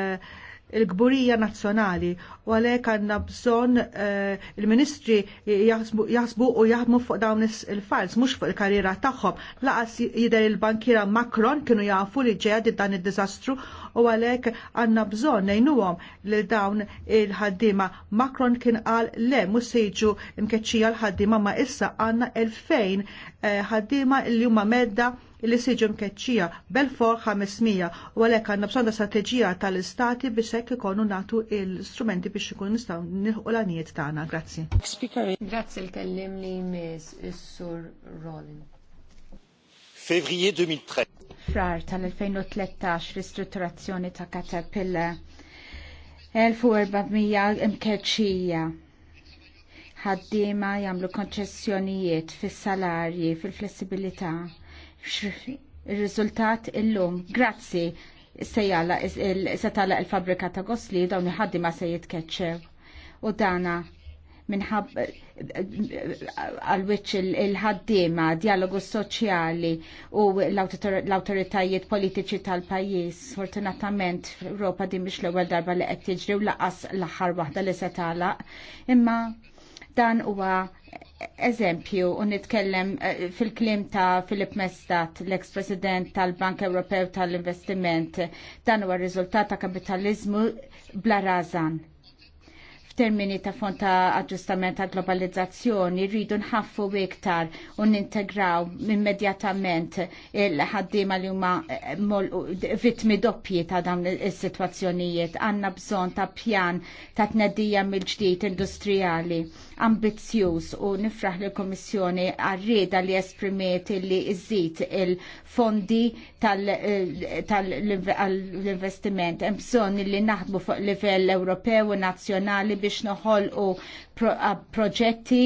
il-gburija nazzjonali u għalhekk għandna bżonn eh, il-ministri jaħsbu u jaħdmu fuq dawn il-fals mhux fuq il-karriera tagħhom. Laqas jidher il-bankiera Macron kienu jafu li ġeja dan id-diżastru u għalhekk għandna bżonn ngħinuhom lil dawn il-ħaddiema. Macron kien qal le mhux se mkeċċija l ħaddima ma issa għandna elfejn eh, ħaddima li huma medda li siġu mkeċċija for 500 u għalhekk għandna da strateġija tal-istati biex hekk ikonu nagħtu l-strumenti biex ikun nistgħu nilħu l-għanijiet tagħna. Grazzi. Grazzi l-kellim li jmiss is-Sur Rollins. Fevrier 2013. Frar tal-2013 ristrutturazzjoni ta' Caterpillar 1400 imkeċija ħaddiema jagħmlu konċessjonijiet fis-salarji, fil-flessibilità. Ir-riżultat illum, grazzi, sejala, il-fabrika ta' Gosli dawn ħaddima se jitkeċċew. U dana minħab għal-wiċ il-ħaddima, dialogu soċjali u l-autoritajiet politiċi tal-pajis. Fortunatament, Europa di mish l-ewel darba li qed tiġri u laqas l-aħħar waħda li se tagħlaq. Imma dan huwa eżempju u nitkellem eh, fil-klim ta' Filip Mestat, l-ex-president tal-Bank Ewropew tal-Investiment, dan huwa riżultat ta' kapitalizmu bla razan f'termini ta' fond ta' aġġustament ta' globalizzazzjoni rridu nħaffu iktar u nintegraw immedjatament il-ħaddiema li huma vittmi doppji ta' dawn is-sitwazzjonijiet. Għandna bżonn ta' pjan ta' tnedija mill-ġdid industrijali ambizzjuż u nifraħ li l-Kommissjoni għarrieda li esprimiet li iżid il-fondi tal-investiment. Hemm bżonn li naħdmu fuq livell Ewropew u nazzjonali biex noħolqu proġetti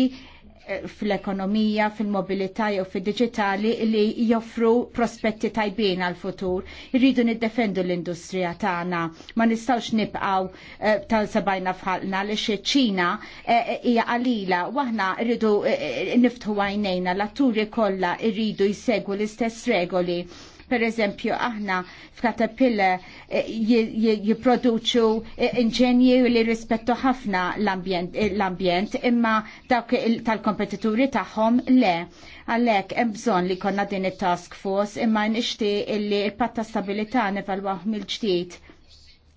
eh, fil-ekonomija, fil-mobilità jew fil-digitali li joffru prospetti tajbin għal-futur. Irridu niddefendu l-industrija tagħna. Ma nistgħux nibqgħu eh, tal sabajna fħalna li xie ċina eh, hija qalila waħna rridu niftħu għajnejna l-atturi kollha rridu jsegwu l-istess regoli Per eżempju, aħna f'Caterpillar eh, jiproduċu eh, inġenji li rispettu ħafna l-ambjent, eh, imma dawk tal-kompetituri tagħhom le. Għalhekk hemm bżonn li konna din it-task force imma nixtieq illi l-patta stabilità nevalwaħ mill-ġdid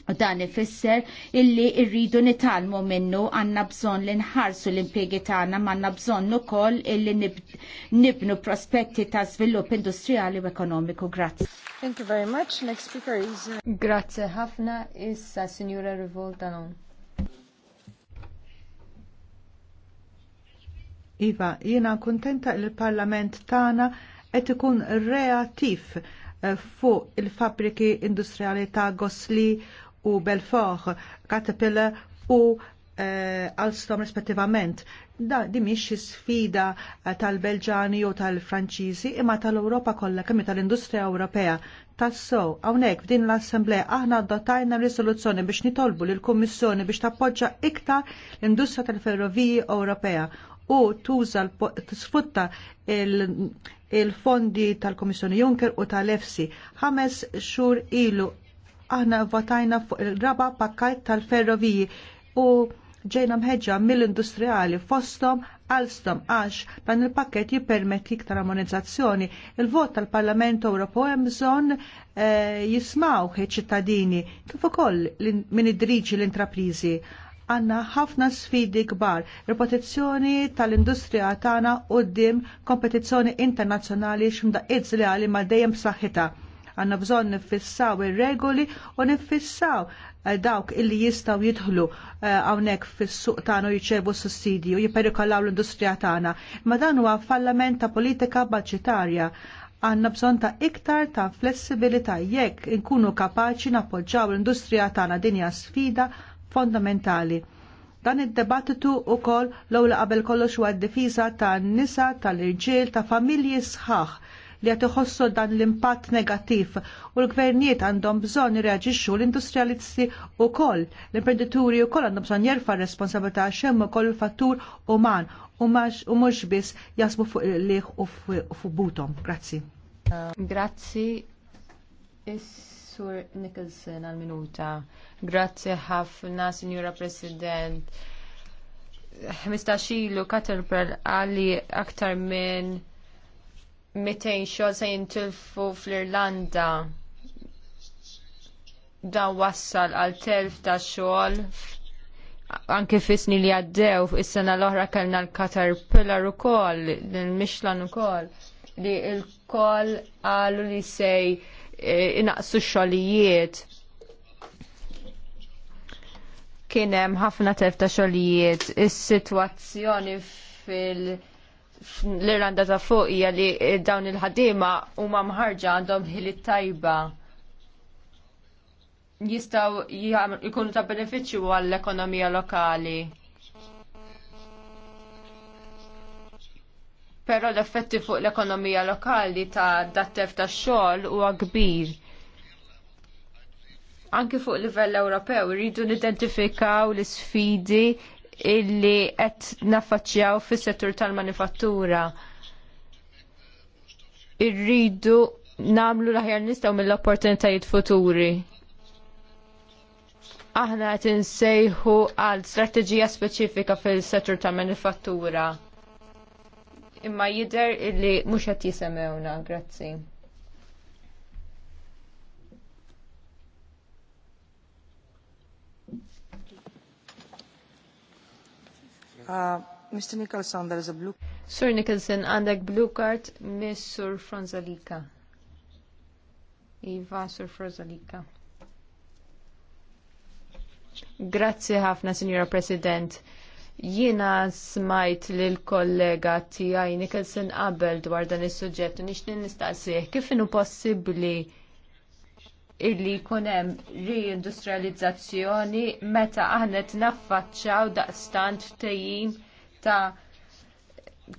U dan ifisser illi rridu nitalmu minnu għanna bżon li nħarsu l-impiegi tagħna m'għandna bżonn ukoll illi nibnu prospetti ta' żvilupp industrijali u ekonomiku. Grazzi. Thank you very much. Next speaker is uh, Grazzi ħafna issa Rivolta Rivoltanon. Iva, jiena kuntenta li l-Parlament tagħna qed ikun reattiv eh, fuq il-fabriki industrijali ta' Gosli u Belfort, Caterpillar u uh, Alstom rispettivament. Da di miex sfida eh, tal-Belġani u tal-Franċiżi imma tal-Ewropa kollha kemm tal-Industrija Ewropea. Tasso, hawnhekk f'din l-Assemblea aħna adottajna risoluzzjoni biex nitolbu lill kummissjoni biex tappoġġa iktar l-industrija tal-ferroviji Ewropea u tuża tisfutta il-fondi tal-Komissjoni Juncker u tal-EFSI. Ħames xur ilu aħna votajna fuq il-raba pakkajt tal-ferroviji u ġejna mħedġa mill-industrijali fostom Alstom għax dan il-pakket jippermetti iktar ammonizzazzjoni. Il-vot tal-Parlament Ewropew hemm bżonn eh, jismaw ċittadini kif ukoll min id-driġi l-intraprizi. Għanna ħafna sfidi kbar, reputazzjoni tal-industrija tagħna quddiem kompetizzjoni internazzjonali x'imdaqqiet li ma dejjem b'saħħitha Għanna bżon nifissaw ir-regoli u nifissaw eh, dawk illi jistaw jidħlu għawnek eh, fis-suq tagħna sussidi sussidju jiperikollaw l-industrija tagħna. Ma dan huwa fallament ta' politika budġetarja għanna bżon ta' iktar ta' flessibilità jekk inkunu kapaċi nappoġġaw l-industrija tagħna dinja sfida fondamentali. Dan id-debattitu wkoll l-ewwel qabel kollox huwa d-difiża tan-nisa, tal-irġiel, ta' familji sħaħ li qed iħossu dan l-impatt negativ u l-gvernijiet għandhom bżonn irreaġixxu l-industrialisti wkoll, l-imprenditturi wkoll għandhom bżonn jerfa' responsabilità xemm ukoll fattur uman u mhux biss jasbu fuq liħ u fuq butom. Grazzi. Grazzi. sur Nicholson għal-minuta. Grazzi ħafna, Signora President. 15 ilu Caterpillar għalli aktar minn 200 xogħol se jintilfu fl-Irlanda dan wassal għal telf ta' xogħol anke fisni li għaddew is-sena l-oħra kellna l-Caterpillar ukoll, l-Mixlan ukoll li l-koll għalu li sej e, inaqsu xogħlijiet. Kien hemm ħafna telf ta' xogħlijiet, is-sitwazzjoni fil- l-Irlanda ta' fuq hija li dawn il-ħaddiema huma mħarġa għandhom ħilit tajba jistaw jkunu ta' benefiċċju għall-ekonomija lokali. Però l-effetti fuq l-ekonomija lokali ta' dattef ta' xogħol huwa kbir. Anki fuq livell Ewropew rridu nidentifikaw l-isfidi illi qed naffaċċjaw fis-settur tal-manifattura. Irridu namlu l-aħjar nistgħu mill-opportunitajiet futuri. Aħna qed insejħu għal strateġija speċifika fil-settur tal-manifattura. Imma jidher illi mhux qed jisemewna, grazzi. Uh, Mr. Nicholson, there is a blue card. Sir Nicholson, għandek blue card miss Sur Franzalika. Iva Sur Franzalika. Grazzi ħafna, Signora President. Jiena smajt lil kollega tiegħi Nicholson qabel dwar dan is-suġġett u nixtieq nistaqsih kif inhu possibbli illi kunem reindustrializzazzjoni meta aħna t-naffaċċaw daqstant tejjim ta'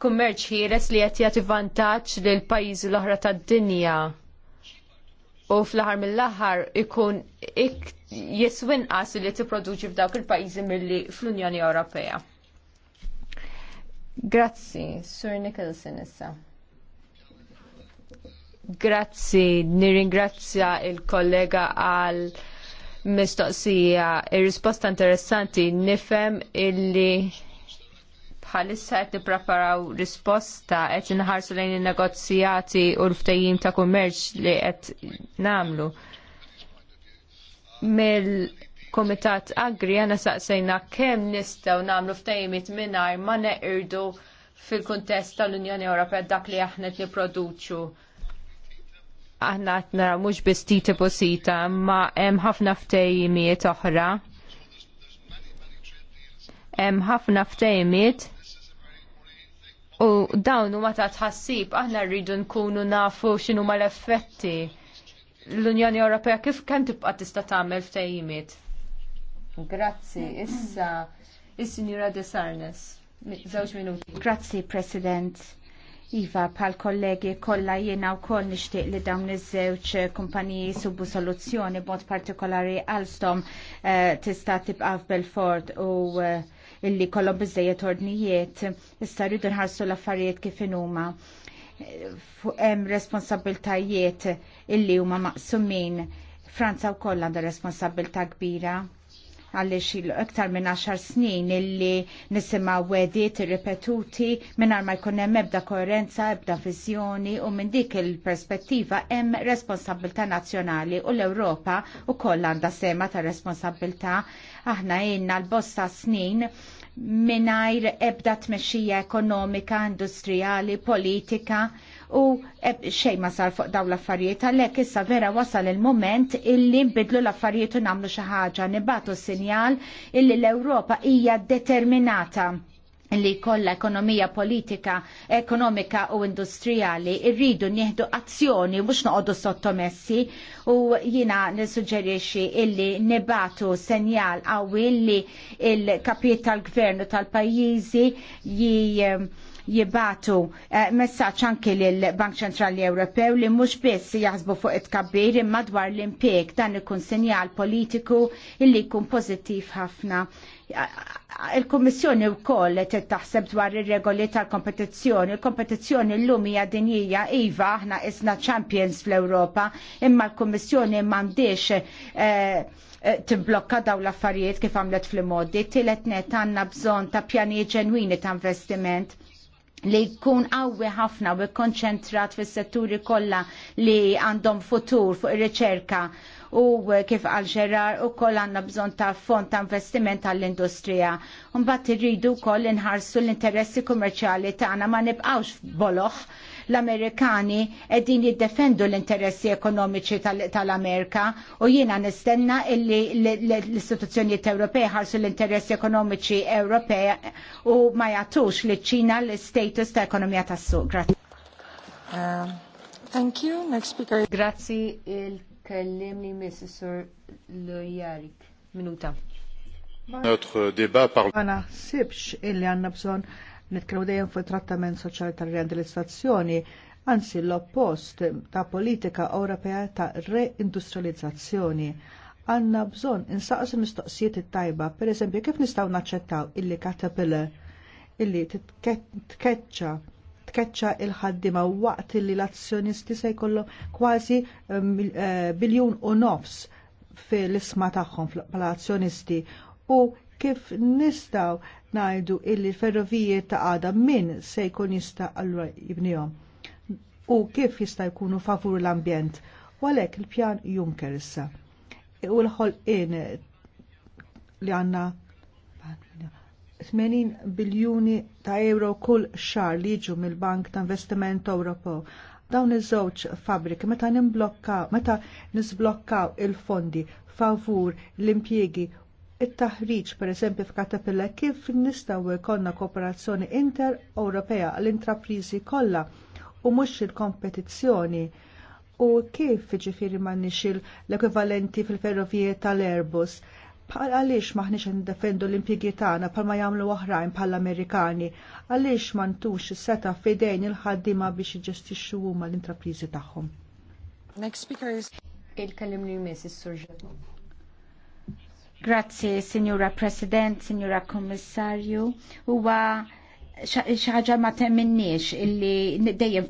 kummerċ ħieles li qed jagħti vantaġġ lil pajjiżi l-oħra tad-dinja. U fl-aħħar mill-aħħar ikun jiswinqas li tipproduċi f'dawk il-pajjiżi milli fl-Unjoni Ewropea. Grazzi, Sur Nicholson issa. Grazzi, nirringrazzja il-kollega għal mistoqsija. Ir-risposta interessanti nifhem illi bħalissa qed nippreparaw risposta qed inħarsu lejn in-negozjati u l ftajim ta' kummerċ li qed nagħmlu. Mill-Komitat Agri għana saqsejna kemm nistgħu nagħmlu ftehimiet mingħajr ma neqirdu fil-kuntest tal-Unjoni Ewropea dak li aħna nipproduċu aħna qed nara mhux biss titi posita, ma hemm ħafna ftejmiet oħra. Hemm ħafna ftejmiet u dawn huma ta' tħassib aħna rridu nkunu nafu x'inhu mal-effetti. L-Unjoni Ewropea kif kemm tibqa' tista' tagħmel ftejmiet? Grazzi, issa is-Sinjura De Sarnes. Zewġ minuti. Grazzi, President Iva, pal kollegi kolla jena u koll nishtiq li dawn iż-żewġ kumpaniji subu soluzzjoni b'mod partikolari Alstom uh, eh, tista' tibqa' f'Belford u uh, illi kollhom biżejjed ordnijiet issa rridu nħarsu l-affarijiet kif huma. hemm responsabiltajiet illi huma maqsumin Franza wkoll għandha responsabilità kbira għalix il-iktar minn 10 snin illi nisima wedit ripetuti minn ma jkun hemm ebda koerenza, ebda vizjoni u minn dik il-perspettiva hemm responsabilta nazzjonali u l-Ewropa u koll għandha sema ta' responsabilta aħna jenna l-bosta snin minajr ebda tmexxija ekonomika, industrijali, politika u e, xej ma sar fuq daw l-affarijiet għalhekk issa vera wasal il-moment illi nbidlu l-affarijiet u nagħmlu xi ħaġa nibatu sinjal illi l-Ewropa hija determinata li kolla ekonomija politika, ekonomika u industrijali irridu nieħdu azzjoni mhux noqogħdu sottomessi u jina nissuġġerixxi illi nibatu senjal qawwi li l kapiet tal-gvern tal-pajjiżi jibatu eh, messaċ anki l-Bank Ċentrali Ewropew li mhux biss jaħsbu fuq it-kabbir imma dwar l-impjeg dan ikun sinjal politiku illi jkun pożittiv ħafna. Il-Kummissjoni wkoll qed taħseb dwar ir-regoli tal-kompetizzjoni. Il-kompetizzjoni llum hija dinjija iva aħna isna champions fl-Ewropa, imma l-Kummissjoni m'għandix eh, timblokka daw l-affarijiet kif għamlet fl-modi. Tielet net għandna bżonn ta' pjanijiet ġenwini ta' investiment li jkun qawwi ħafna u konċentrat fis-setturi kollha li għandhom futur fuq ir-riċerka u kif għal ġerar u koll għanna bżon ta' fond ta' investiment għall-industrija. bat irridu koll inħarsu l-interessi ta' tagħna ma nibqgħux boloħ L-Amerikani qegħdin jiddefendu l-interessi ekonomiċi tal-Amerika u jiena nistenna illi l-istituzzjonijiet Ewropej ħarsu l-interessi ekonomiċi Ewropej u ma jagħtux li ċina l-status ta' ekonomija tas-suq. Grazie. Uh, thank you. Next speaker. Grazzi il-kellimni Mr. Lujarik. Minuta. Notre débat parle. Ma naħsibx illi għanna bżon nitkellmu dejjem fuq trattament soċjali tar-reandilizzazzjoni, anzi l-oppost ta' politika Ewropea ta' reindustrializzazzjoni għanna bżon insaqsu mistoqsijiet it-tajba, per eżempju, kif nistaw naċċettaw illi Caterpillar illi tkeċċa tkeċċa il-ħaddima waqt illi l-azzjonisti se jkollhom kważi eh, eh, biljun u nofs fil-isma tagħhom bħala azzjonisti u kif nistaw najdu illi ferrovije ta' għada min se jkun jista' allura jibnijom u kif jista' jkunu favur l-ambjent. Walek il-pjan Juncker issa. U l in li għanna 80 biljuni ta' euro kull xar li jiġu mill-Bank ta' Investiment Ewropew dawn iż-żewġ fabriki meta nimblokkaw, meta nisblokkaw il-fondi favur l-impjiegi it-taħriġ pereżempju f'Katapilla kif nistgħu jkollna kooperazzjoni inter-Ewropea l-intrapriżi kollha u mhux il-kompetizzjoni u kif ġifiri m'għandniex l-ekwivalenti fil-ferrovije tal-Airbus bħal għaliex maħniex ndefendu l impjiegi tagħna bħalma jagħmlu oħrajn bħal Amerikani, għaliex m'għandux seta' f'idejn il-ħaddiema biex jiġġestixxu huma l-intrapriżi tagħhom. Next speaker is il-kellimni jmiss is-surġet. Grazie, Signora President, Signora Commissario. Uwa xaħġa ma temminniex illi dejjem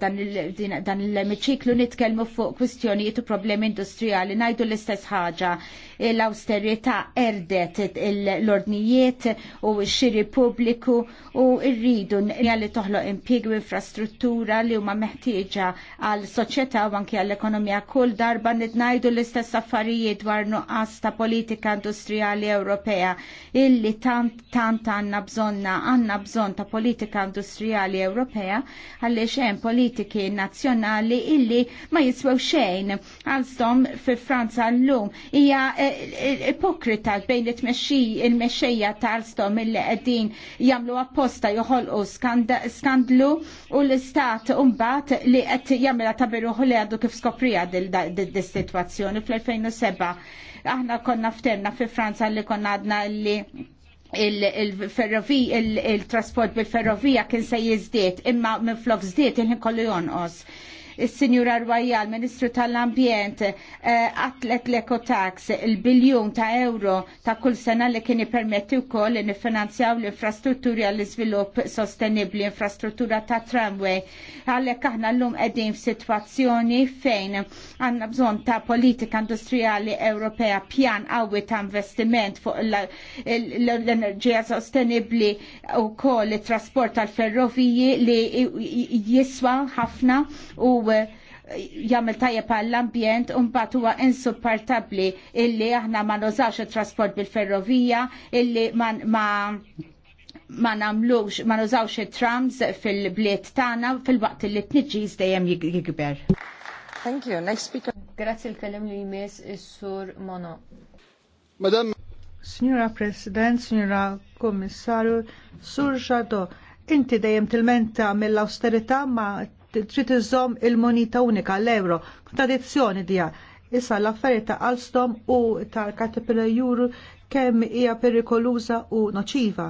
dan il emiċiklu nitkelmu fuq kwistjonijiet u problemi industrijali najdu l-istess ħaġa l-austerita erdet l-ordnijiet u xiri publiku u irridu li toħloq impiegu infrastruttura li huma meħtieġa għal soċjetà u anki għall ekonomija kull darba nitnajdu l-istess affarijiet dwar nuqqas ta' politika industrijali Ewropea illi tant tant għandna bżonna għandna bżonn ta' politika politika industrijali Ewropea għaliex hemm politiki nazzjonali illi ma jiswew xejn. Għalstom fi Franza llum hija eh, eh, ipokrita bejn il-mexxejja ta' Alstom illi qegħdin jagħmlu apposta joħolqu skandlu u l-istat mbagħad li qed jagħmilha ta' biruħu li kif skoprija dil-situazzjoni fl-2007 aħna konna ftemna fi Franza li konna għadna li il-trasport bil-ferrovija kien se jizdiet imma minn flok zdiet il-ħin kollu jonqos il-Sinjura Rwajja, ministru tal-Ambjent, għatlet eh, l ekotax il-biljun ta' euro ta' kull sena li kien permetti u koll li nifinanzjaw l-infrastrutturi għall-izvilup sostenibli, infrastruttura ta' tramway. Għallek aħna l-lum edin f-situazzjoni fejn għanna bżon ta' politika industrijali Ewropea pjan għawi ta' investiment fuq l-enerġija sostenibli u koll trasport tal-ferroviji li jiswa ħafna u Eh, jagħmel tajjeb għall ambjent u mbagħad huwa insupportabbli illi aħna ma nużax it-trasport bil-ferrovija, illi ma ma namlux, ma nużawx it-trams fil-bliet tagħna fil-waqt li t-tniġġis dejjem jikber. Thank you. Next speaker. Grazzi l-kellim li jmiss is-sur Mono. Madam. Signora President, Signora Komissaru, Sur Xado, inti dejjem tilmenta mill austerita ma trid iżomm il-monita unika l-euro. Tradizzjoni dija. Issa l-affarijiet ta' Alstom u tal-Caterpillar Euro kemm hija perikoluża u noċiva.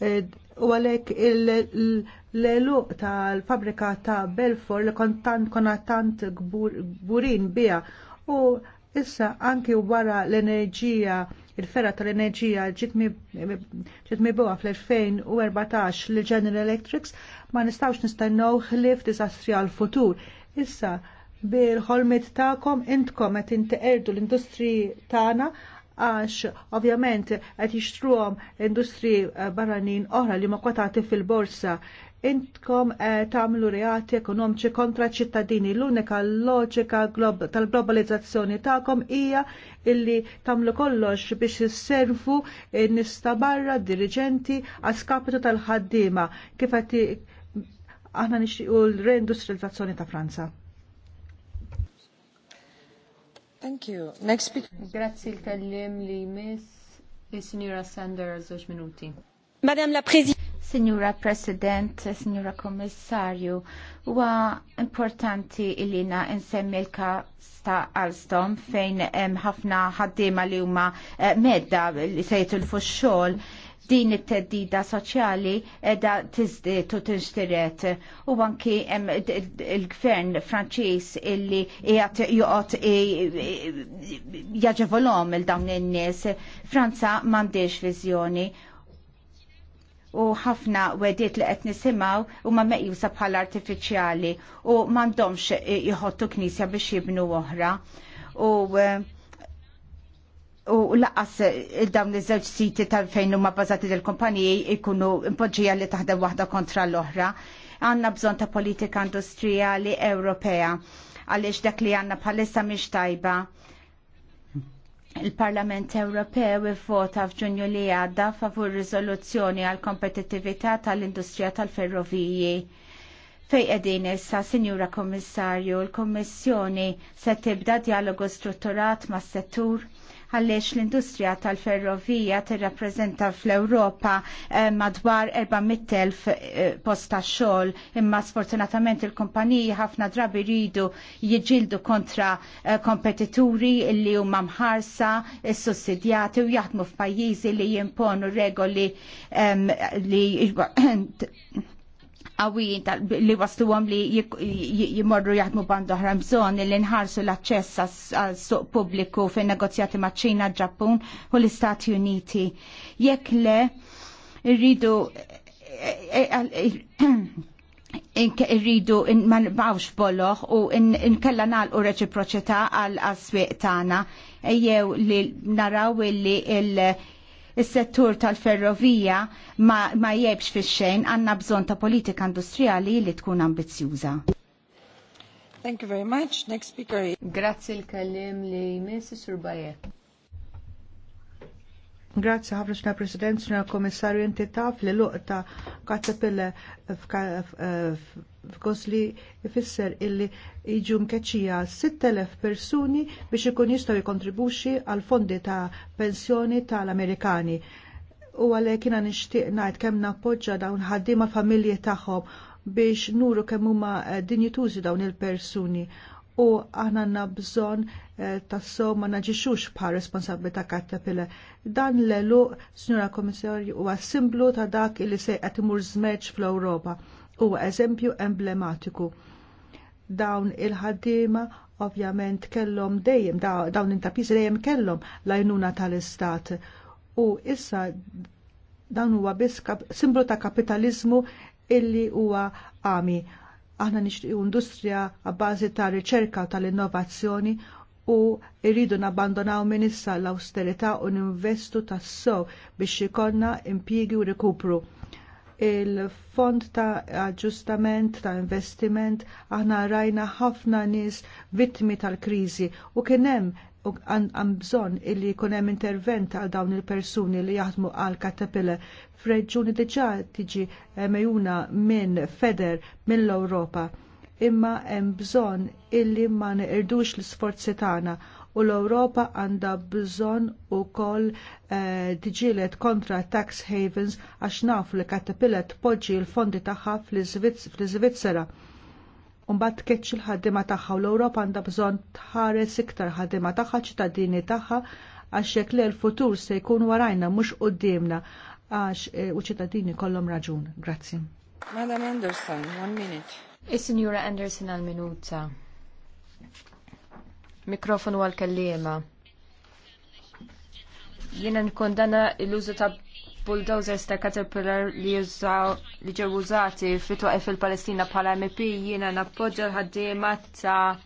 E, u għalhekk l-elu tal-fabrika ta' Belfor li kontant konatant gburin bija u issa anki wara l-enerġija Il-ferra tal-enerġija ġiet mibuha fl-2014 li General Electrics ma nistawx nistennew ħlif disastri għal futur. Issa bil-ħolmit tagħkom intkom qed inteqerdu l-industri tagħna għax ovvjament qed jixtruhom industri barranin oħra li ma kwatati fil-borsa intkom eh, tamlu reati ekonomiċi kontra ċittadini. L-unika loġika tal-globalizzazzjoni ta'kom hija illi tamlu kollox biex isservu nista barra dirigenti għaskapitu tal-ħaddima kif aħna nixtiequ l-reindustrializzazzjoni ta' Franza. Thank you. Next speaker. Grazzi l kallim li miss is-Sinjura Sander minuti. Madam la Presidente. Signora President, Signora Kommissarju, huwa importanti ilina insemmi l ka ta' Alstom fejn hemm ħafna ħaddiema li huma eh, medda li sejtu l x-xogħol din it-teddida soċjali edha tizdiet u tinxtiret. U anki hemm il-gvern Franċiż illi jgħat joqgħod jgħagġevolom il dawn in-nies. Franza m'għandix viżjoni u ħafna wedit li qed nisimgħu huma meqjusa bħala artifiċjali u m'għandhomx iħottu knisja biex jibnu oħra. U u laqas dawn iż-żewġ siti tal fejn huma bbażati del kumpaniji jkunu impoġġija li taħdem waħda kontra l-oħra. Għandna bżonn ta' politika industrijali Ewropea għaliex dak li għandna bħalissa mhix tajba il-Parlament Ewropew ivvota f'Ġunju li għadda favur riżoluzzjoni għal kompetittività tal-industrija tal-ferroviji. Fej qegħdin issa, Sinjura Kommissarju, l-Kommissjoni se tibda dialogu strutturat mas-settur għaliex l-industrija tal-ferrovija tirrappreżenta fl-Ewropa eh, madwar 400.000 eh, posta xogħol imma sfortunatament il-kumpaniji ħafna drabi ridu jiġildu kontra eh, kompetituri li huma mħarsa, sussidjati u jaħdmu f'pajjiżi li jimponu regoli li għawijin li wasluhom li jimorru jaħdmu band oħra bżonn li nħarsu l-aċċess għal suq pubbliku fin negozjati ma' Ċina, Ġappun u l-Istati Uniti. Jekk le rridu irridu e- e- ma nbawx bolloħ u nkella nagħlqu reċiproċità għal aswieq tagħna ejjew li naraw li Is-settur tal-ferrovija ma, ma jiebx fix xejn għandna bżonn ta' politika industrijali li tkun ambizzjuża. Thank you very much. Next speaker. Grazzi l-kallim li Mrs. Surbaje. Grazzi ħafna xna President, xna Komissarju, inti taf li luqta Caterpillar f'kos li jfisser illi jġu mkeċija 6.000 persuni biex ikun jistgħu jikontribuxi għal fondi ta' pensjoni tal-Amerikani. U għalhekk jiena nixtieq ngħid kemm nappoġġa dawn ħaddiema familji tagħhom biex nuru kemm huma eh, dinjitużi dawn il-persuni u aħna għanna bżon eh, tasso ma naġiċux bħal responsabilità Caterpillar. Dan l-elu, Signora Komissarju, u għas-simblu ta' dak il-li se imur zmeċ fl-Europa huwa eżempju emblematiku. Dawn il-ħaddiema ovvjament kellhom dejjem dawn intapis dejjem kellhom l tal-istat. U issa dawn huwa biss simbolu ta' kapitalizmu illi huwa għami. Aħna nixtiequ industrija għabbażi ta' riċerka u tal-innovazzjoni u irridu nabbandonaw minn issa l-austerità u ninvestu tas-sow biex ikonna impjiegi u rikupru il-fond ta' aġġustament, ta' investiment, aħna rajna ħafna nies vittmi tal-kriżi u kien hemm għan bżonn illi jkun hemm intervent għal dawn il-persuni li jaħdmu għal katapilla f'reġuni diġà tiġi eh, mejuna minn feder mill-Ewropa imma hemm bżonn illi ma nirdux l-isforzi tagħna u l-Ewropa għandha bżonn ukoll eh, kontra tax havens għax nafu li Caterpillar tpoġġi l-fondi tagħha fl-Iżvizzera. Umbat tkeċċ il-ħaddima tagħha u l-Ewropa għandha bżonn tħares iktar ħaddima tagħha ċittadini tagħha għax jekk le l-futur se jkun warajna mhux qudiemna għax eh, u ċittadini kollhom raġun. Grazzi. Madam Anderson, one minute. Is-Sinjura Anderson għall minuta. Mikrofonu għal-kellima. Jiena nkondanna l-użu ta' bulldozers ta' Caterpillar li jużaw li ġew użati fi fil-Palestina bħala MP jiena nappoġġa l-ħaddiema ta'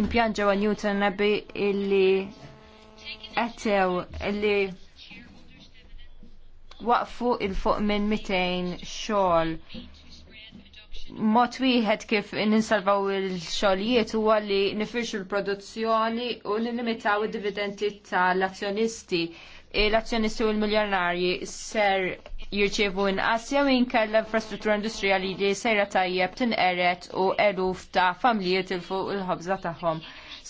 impjant ġewwa Newton nabi illi qetew illi waqfu il fuq minn 200 xogħol mod wieħed kif ninsalvaw il-xogħlijiet huwa li nifirxu l-produzzjoni u li id-dividendi tal-azzjonisti. L-azzjonisti u l-miljonarji ser jirċevu inqas jew inkella infrastruttura industrijali li sejra tajjeb tinqeret u eluf ta' familjiet il fuq il-ħobża tagħhom.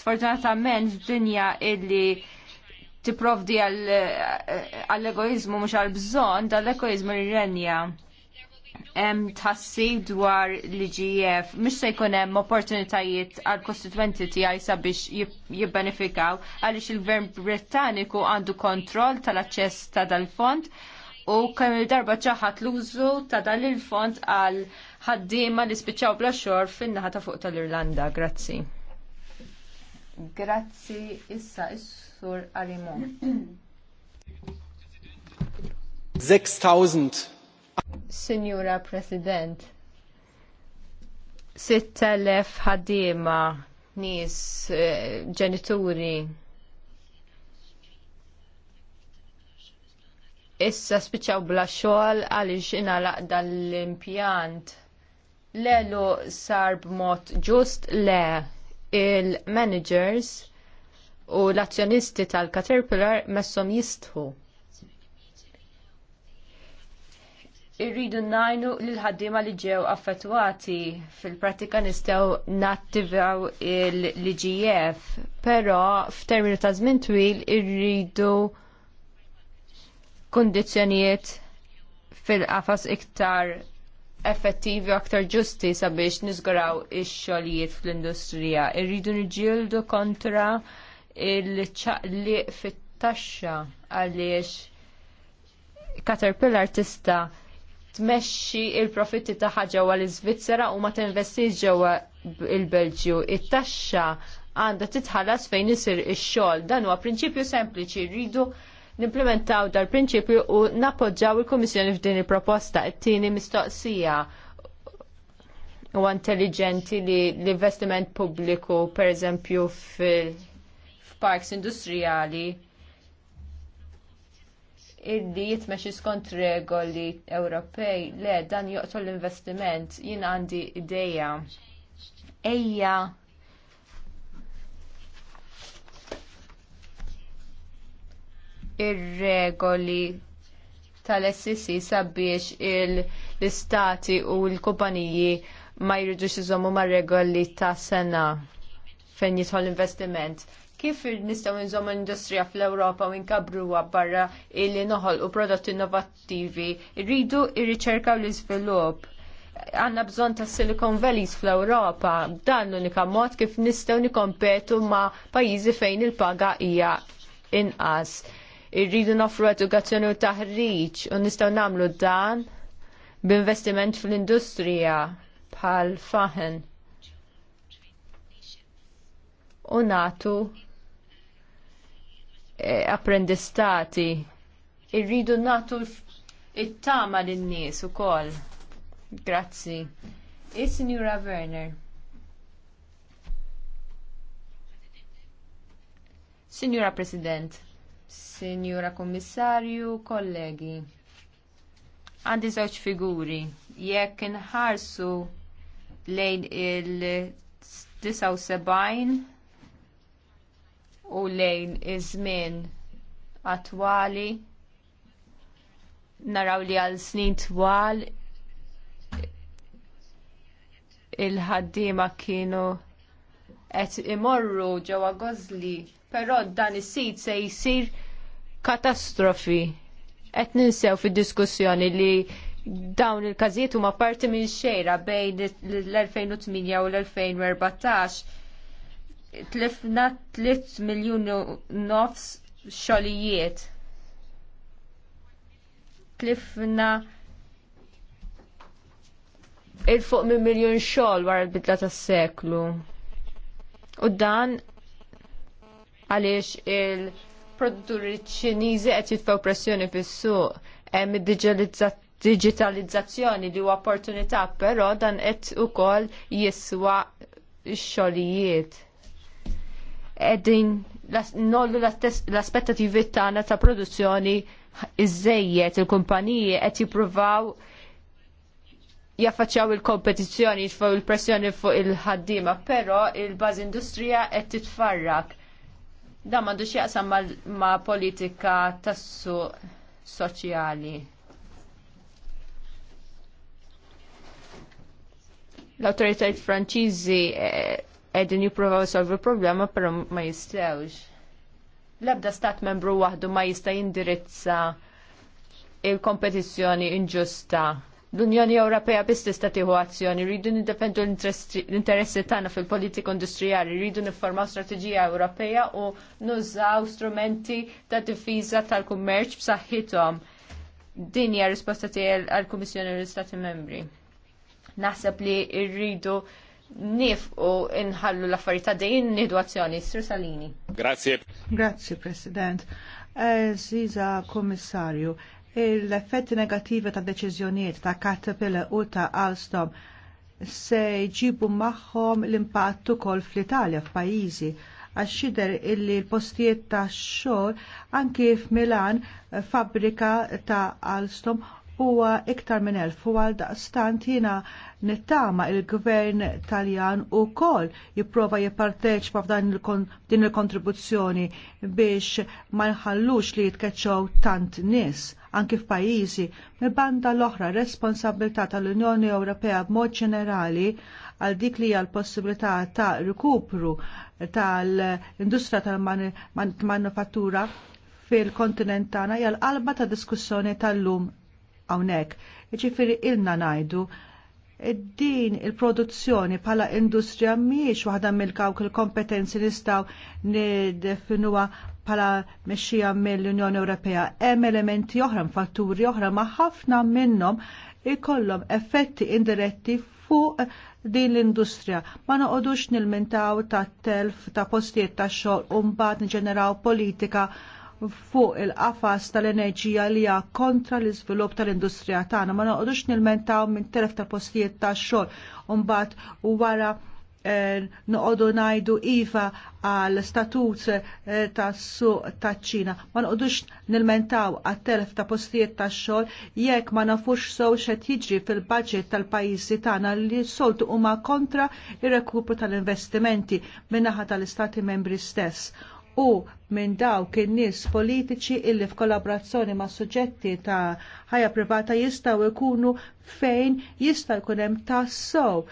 Sfortunatament f'dinja illi tipprovdi eh, għall-egoizmu mhux għall bżonn dal-egoizmu rrenja hemm tassi dwar l-IGF, mhux se jkun hemm opportunitajiet għall kostituenti tiegħi sabiex jibbenefikaw għaliex il-Gvern Britanniku għandu kontroll tal-aċċess ta' dal-fond u kemm darba ċaħat l-użu ta' dan il-fond għal ħaddiema li spiċċaw bla xor fin-naħa ta' fuq tal-Irlanda. Grazzi. Grazzi issa is-sur Arimon. 6000 Signora President, 6.000 ħaddiema nies eh, ġenituri issa spiċċaw bla xogħol għaliex ingħalaq dan l-impjant. Lelu sar b'mod ġust le il-managers u l-azzjonisti tal-Caterpillar messhom jistħu. irridu najnu l-ħaddima li ġew affettwati fil-pratika nistgħu nattivaw il-LGF, però f'terminu ta' żmien twil irridu kundizzjonijiet fil-qafas iktar effettivi u aktar ġusti sabiex niżguraw ix-xogħlijiet fl-industrija. Irridu niġġieldu kontra il-ċaqliq fit-taxxa għaliex Caterpillar tista' tmexxi il-profitti tagħha ġewwa l-Iżvizzera u ma tinvestix ġewwa il-Belġju. It-taxxa għandha titħallas fejn isir ix-xogħol. Dan huwa prinċipju sempliċi rridu nimplementaw dal-prinċipju u nappoġġaw il-Kummissjoni f'din il-proposta. It-tieni mistoqsija u intelligenti li l-investiment pubbliku, per eżempju, f'parks industrijali, Illi jitmexi skont regoli Ewropej, le dan joqtol l-investiment, jien għandi ideja. Ejja ir-regoli tal scc sabiex l-istati u l-kumpaniji ma jridux iżommu mar regoli ta' sena fejn jidħol investiment. Kif nistgħu nżomm l-industrija fl-Ewropa u nkabruha barra illi noħolqu prodotti innovattivi, irridu ir l-iżvilupp. Għanna bżon ta' Silicon Valleys fl-Ewropa, dan l-unika mod kif nistgħu nikompetu ma' pajjiżi fejn il-paga hija inqas. Irridu nofru edukazzjoni u taħriġ u nistgħu nagħmlu dan b'investiment fl-industrija bħal faħen u natu Eh, apprendistati irridu natu it-tama lin-nies ukoll. Grazzi. Is-Sinjura Werner. Signora President, Signora Kommissarju, kollegi, għandi żewġ figuri. Jekk inħarsu lejn il-79 u lejn iż-żmien attwali naraw li għal snin twal il-ħaddiema kienu qed imorru ġewwa Gosli, però dan is-sit se jsir katastrofi. Qed ninsew fid-diskussjoni li dawn il każijiet huma parti minn xejra bejn l-2008 u l-2014 tlifna 3 miljun nofs xolijiet. Tlifna il-fuq minn miljon xol wara l-bidla tas seklu. U dan għaliex il-produtturi ċiniżi qed jitfgħu pressjoni fis-suq hemm digitalizzazzjoni li huwa opportunità, però dan qed ukoll jiswa x-xogħlijiet għedin nollu l-aspettativi tagħna ta' produzzjoni iżejjet il-kumpaniji qed jippruvaw jaffaċċaw il-kompetizzjoni fuq il-pressjoni fuq il ħaddima però il baż industrija qed titfarrak. Dan m'għandux jaqsam ma' politika tassu soċjali. L-autoritajiet Franċiżi eh, qegħdin jiprofaw solvi problema però ma jistgħux. L-ebda stat membru wahdu ma jista' jindirizza il-kompetizzjoni inġusta. L-Unjoni Ewropea biss tista' tieħu azzjoni, rridu niddefendu l-interessi tagħna fil-politika industrijali, rridu nifformaw strateġija Ewropea u nużaw strumenti ta' difiża tal-kummerċ b'saħħithom din hija risposta tiegħi għall-Kummissjoni l istati Membri. Naħseb li rridu nif u inħallu l-affarijiet dejn nieħdu azzjoni. Sir Salini. Grazie. Grazie, President. Ziza eh, Kommissarju, l-effetti negativi ta' deċiżjonijiet ta' Caterpillar u ta' Alstom se jġibu magħhom l-impatt ukoll fl-Italja f'pajjiżi għax xider illi l-postijiet ta' xogħol anki f'Milan fabbrika ta' Alstom huwa iktar minn elf u għal daqstant jiena Nittama il-gvern taljan u kol jiprofa jipparteċpa f'din din il-kontribuzzjoni biex ma jħallux li jitkeċċew tant nis anki f'pajjiżi mill-banda l-oħra responsabilità tal-Unjoni Ewropea b'mod ġenerali għal dik li għal possibilità ta' rikupru tal-industrija tal-manufattura fil-kontinent tagħna hija l-qalba ta' diskussjoni tal-lum hawnhekk. Jiġifieri ilna ngħidu din il-produzzjoni pala industrija miex waħda mill-kawk il-kompetenzi nistaw nidefinuwa pala meċxija mill-Unjoni Ewropea. Hemm elementi oħra, fatturi oħra ma ħafna minnhom ikollhom effetti indiretti fuq din l-industrija. Ma noqodux nil-mentaw ta' telf ta' postijiet ta' xogħol u mbagħad nġeneraw politika fuq il-qafas tal-enerġija li hija kontra l-iżvilupp tal-industrija tagħna. Ma noqgħodux nilmentaw minn telef ta' postijiet ta' xogħol u mbagħad wara eh, noqogħdu ngħidu iva għal statut eh, tas suq taċ ċina. Ma noqogħdux nilmentaw għat telef ta' postijiet ta' xogħol jekk ma nafux sew x'għed jiġri fil-budget tal-pajjiżi tagħna li soltu huma kontra ir-rekupru tal-investimenti min-naħa tal-istati membri stess u minn dawk in-nies politiċi illi f'kollaborazzjoni ma' suġġetti ta' ħajja privata jistgħu jkunu fejn jista' jkun hemm tassew eh,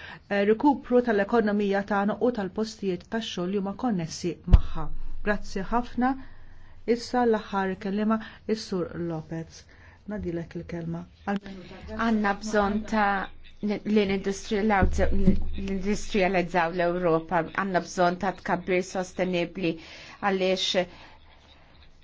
rikupru tal-ekonomija tagħna u tal-postijiet tax-xogħol li huma konnessi magħha. Grazzi ħafna. Issa l-aħħar kelliema, is-Sur Lopez. Nadilek il-kelma. Għanna bżon ta' li l-industrializzaw l ewropa għanna bżon ta' tkabbir sostenibli għaliex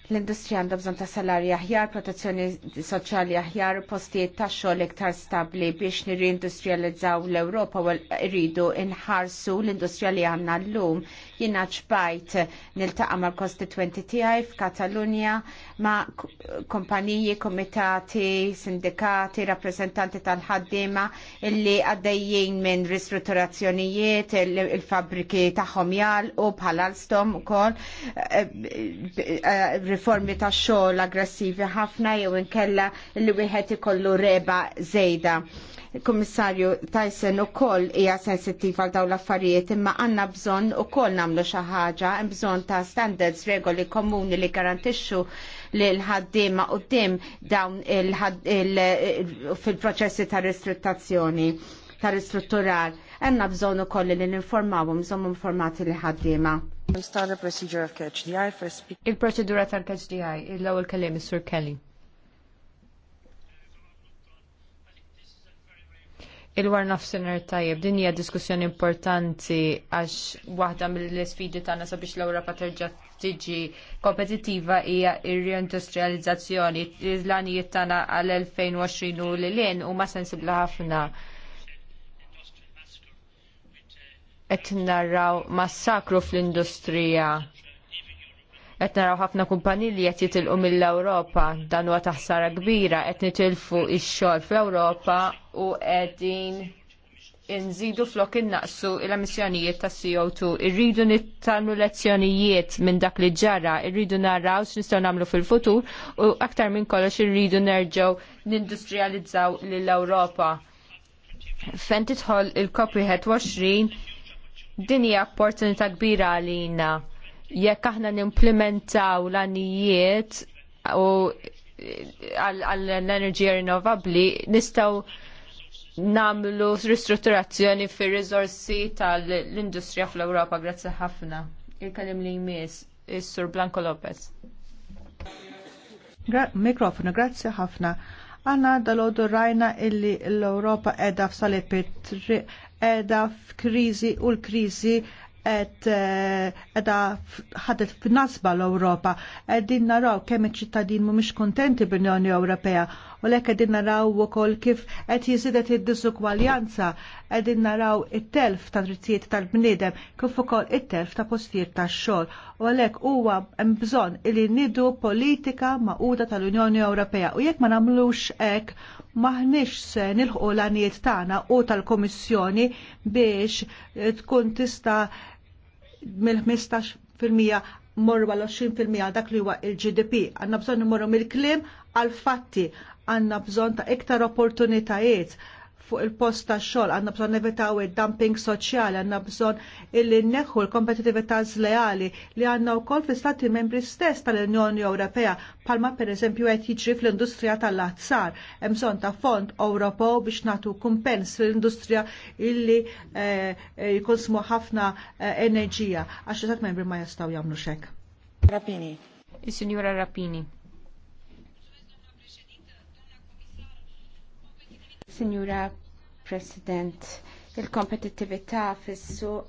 L-industrija għandha bżonn ta' salarji aħjar, protezzjoni soċjali aħjar, postijiet ta' xogħol iktar stabbli biex nirindustrializzaw l-Ewropa u rridu inħarsu l-industrija li għandna llum. Jiena ċbajt niltaqa' mal kostituenti tiegħi f'Katalunja ma' kumpaniji, komitati, sindikati, rappresentanti tal-ħaddiema illi għaddejjien minn ristrutturazzjonijiet, il-fabriki tagħhom jal u bħal-alstom ukoll eh, eh, riformi ta' xogħol aggressivi ħafna jew inkella li wieħed ikollu reba żejda. Kummissarju Tyson ukoll hija sensittiva għal dawn l-affarijiet imma għandna bżonn ukoll nagħmlu xi ħaġa, hemm bżonn ta' standards regoli komuni li garantixxu lil ħaddiema qudiem dawn fil-proċessi ta' ristruttazzjoni ta' ristrutturar. Għanna bżonn ukoll li ninformawhom, bżonn informati li ħaddiema. Il-proċedura tal khdi il-lawel kallim, il-sur Kelly. il-war nafsinar tajjeb, din hija diskussjoni importanti għax waħda mill-sfidi tagħna sabiex l-Ewropa terġa' tiġi kompetittiva hija r-reindustrializzazzjoni. L-għanijiet tagħna għal 2020 u l-lin huma sensibbli ħafna qed narraw massakru fl-industrija. Qed naraw ħafna kumpaniji li qed jitilqu mill-Ewropa dan huwa taħsara kbira qed nitilfu x-xogħol fl-Ewropa u qegħdin inżidu flok innaqsu l-emissjonijiet ta' CO2. Irridu nittalmu lezzjonijiet minn dak li ġara, irridu naraw x'nistgħu nagħmlu fil-futur u aktar minn kollox irridu nerġgħu nindustrializzaw lill-Ewropa. Fejn tidħol il-COP21 Din hija opportunità kbira għalina jekk aħna nimplementaw l-anijiet u għall-enerġija rinnovabbli nistgħu namlu ristrutturazzjoni fir rizorsi tal-industrija fl-Europa. Grazzi ħafna. Il-kalim li jmiss, is-Sur Blanco Lopez. mikrofonu, grazzi ħafna. Għanna dal-ħodu rajna illi l-Europa edha f pitri edha f'kriżi u l-kriżi et eh, edha ħadet f'nasba l europa Din naraw kemm iċ-ċittadin mhumiex kontenti bl-Unjoni Ewropea u lekk qegħdin naraw ukoll kif qed jiżidet id-disukwaljanza qegħdin naraw it-telf ta' drittijiet tal-bniedem kif ukoll it-telf ta' postijiet tax-xogħol u għalhekk huwa hemm bżonn li nidu politika maquda tal-Unjoni Ewropea u jekk ma nagħmlux hekk maħniex se nilħu l-għaniet tagħna u tal-Komissjoni biex eh, tkun tista' mill-15 fil-mija morru għal 20% dak li huwa il-GDP. Għanna bżonn morru mill-klim għal fatti għandna bżonn ta' iktar opportunitajiet fuq il-post ta' xogħol, għandna bżonn nevitaw il dumping soċjali, għandna bżonn illi neħu l-kompetitività zleali li għandna wkoll fil Stati membri stess tal-Unjoni Ewropea, palma per eżempju qed jġri fl-industrija tal-azzar. Hemm bżonn ta' fond Ewropo biex natu kumpens fl-industrija illi eh, jkonsmu ħafna eh, enerġija għax membri ma jistgħu jagħmlu xek. Rapini. Il-Signora Rapini. Signora President, il-kompetittività fis-suq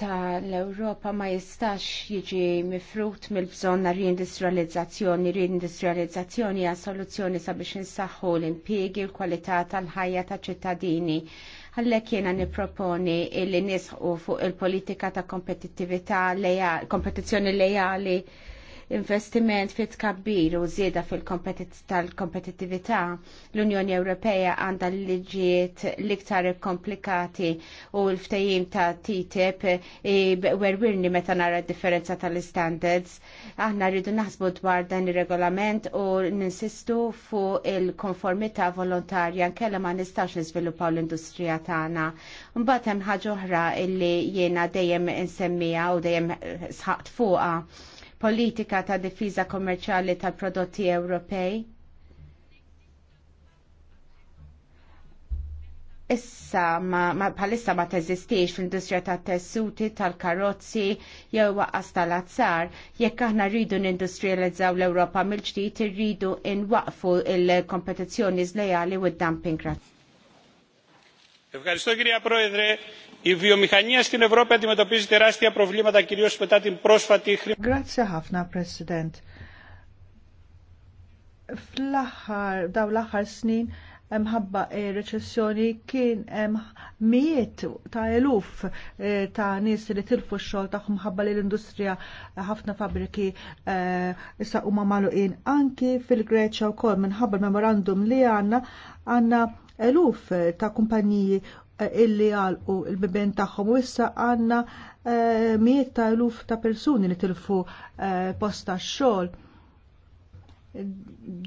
tal-Europa ma jistax jiġi mifrut mill na riindustrializzazzjoni. Reindustrializzazzjoni hija soluzzjoni sabiex insaħħu l-impjiegi l-kwalità tal-ħajja ta' ċittadini. Għallek jena niproponi li nisħu fuq il-politika ta' kompetittività, kompetizzjoni lejali investiment fit tkabbir u żieda tal kompetitività l-Unjoni Ewropea għandha l-liġijiet l-iktar komplikati u l ftajim ta' TTIP werwirni meta nara differenza tal-standards. Aħna rridu naħsbu dwar dan ir-regolament u ninsistu fuq il-konformità volontarja nkella ma nistax nizviluppaw l-industrija tagħna. Mbagħad hemm ħaġa oħra illi jiena dejjem insemmija u dejjem sħaqt fuqha politika ta' difiża kommerċjali tal-prodotti Ewropej. issa ma, ma palissa ma teżistix fl-industrija ta' tessuti, tal-karozzi, jew waqqas tal-azzar, jekk aħna rridu nindustrializzaw l-Ewropa mill-ġdid irridu nwaqfu il-kompetizzjoni żlejali u d-dumping. Ευχαριστώ Η βιομηχανία στην Ευρώπη αντιμετωπίζει τεράστια προβλήματα, κυρίω μετά την πρόσφατη Fl-aħħar, daw l-aħħar snin, mħabba eh, reċessjoni kien hemm eh, mijiet ta' eluf eh, ta' nies li tilfu x-xogħol tagħhom ħabba li l-industrija ħafna fabbriki issa huma magħluqin anki fil-Greċja wkoll minħabba memorandum li għandna għandna eluf ta' kumpaniji illi għalqu il-biben tagħhom u issa għandna eh, miet ta' eluf ta' persuni li tilfu eh, posta xogħol.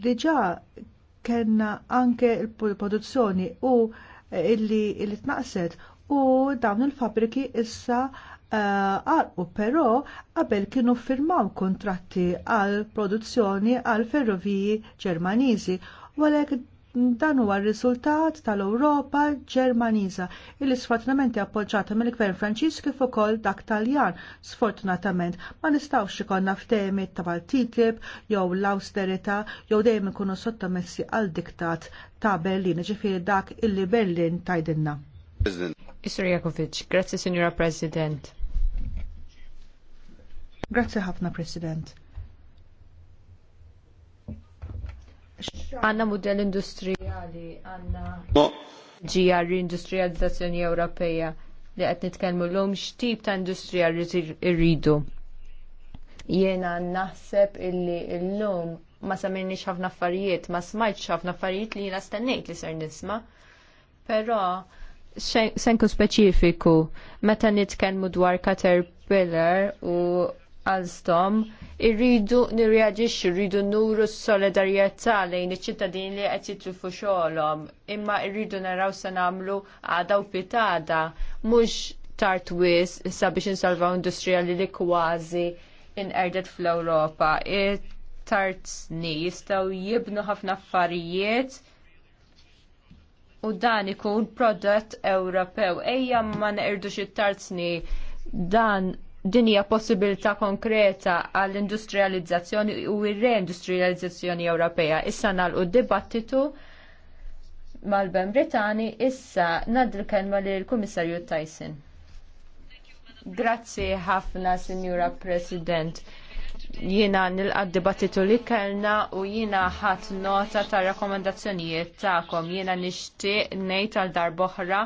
Diġà kena anke il-produzzjoni u eh, illi illi tnaqset u dawn il-fabriki issa għalqu però qabel kienu firmaw kontratti għal produzzjoni għal ferroviji ġermaniżi Walek dan huwa r-riżultat tal-Ewropa Ġermaniża illi sfortunatament appoġġata mill-Gvern Franċiż kif ukoll dak Taljan. Sfortunatament ma nistgħux ikollna f'temi ta' partitib jew l-austerità jew dejjem ikunu sottomessi għal diktat ta' Berlin, ġifieri dak illi Berlin tajdinna. Isur Jakovic, grazzi Signora President. Grazzi ħafna President. Għanna modell industrijali, għanna GR industrializzazzjoni Ewropeja li qed nitkellmu l-lum x'tip ta' industrija rridu. Jiena naħseb illi l-lum ma samirniex ħafna affarijiet, ma smajtx ħafna affarijiet li jiena stennejt li ser nisma. Però senku speċifiku, meta nitkellmu dwar Caterpillar u Alstom, irridu nirreagġixxu, irridu nuru s-solidarjetà lejn iċ-ċittadini li qed jitlufu xogħolhom, imma rridu naraw se nagħmlu għada u pitada, mhux tard wis biex insalvaw industrija li li kważi inqerdet fl-Ewropa. Tard sni jistgħu jibnu ħafna affarijiet u dan ikun prodott Ewropew. Ejja ma neqirdux it-tard sni dan din hija possibilità konkreta għall-industrializzazzjoni u r-reindustrializzazzjoni Ewropea. Issa nagħlqu d-dibattitu mal-Ben Britani, issa nad l-kelma lill kummissarju Tyson. Grazzi ħafna, Sinjura President. Jiena nilqad dibattitu li kellna u jiena ħadd nota tar rakkomandazzjonijiet tagħkom. Jiena nixtieq ngħid għal darb'oħra oħra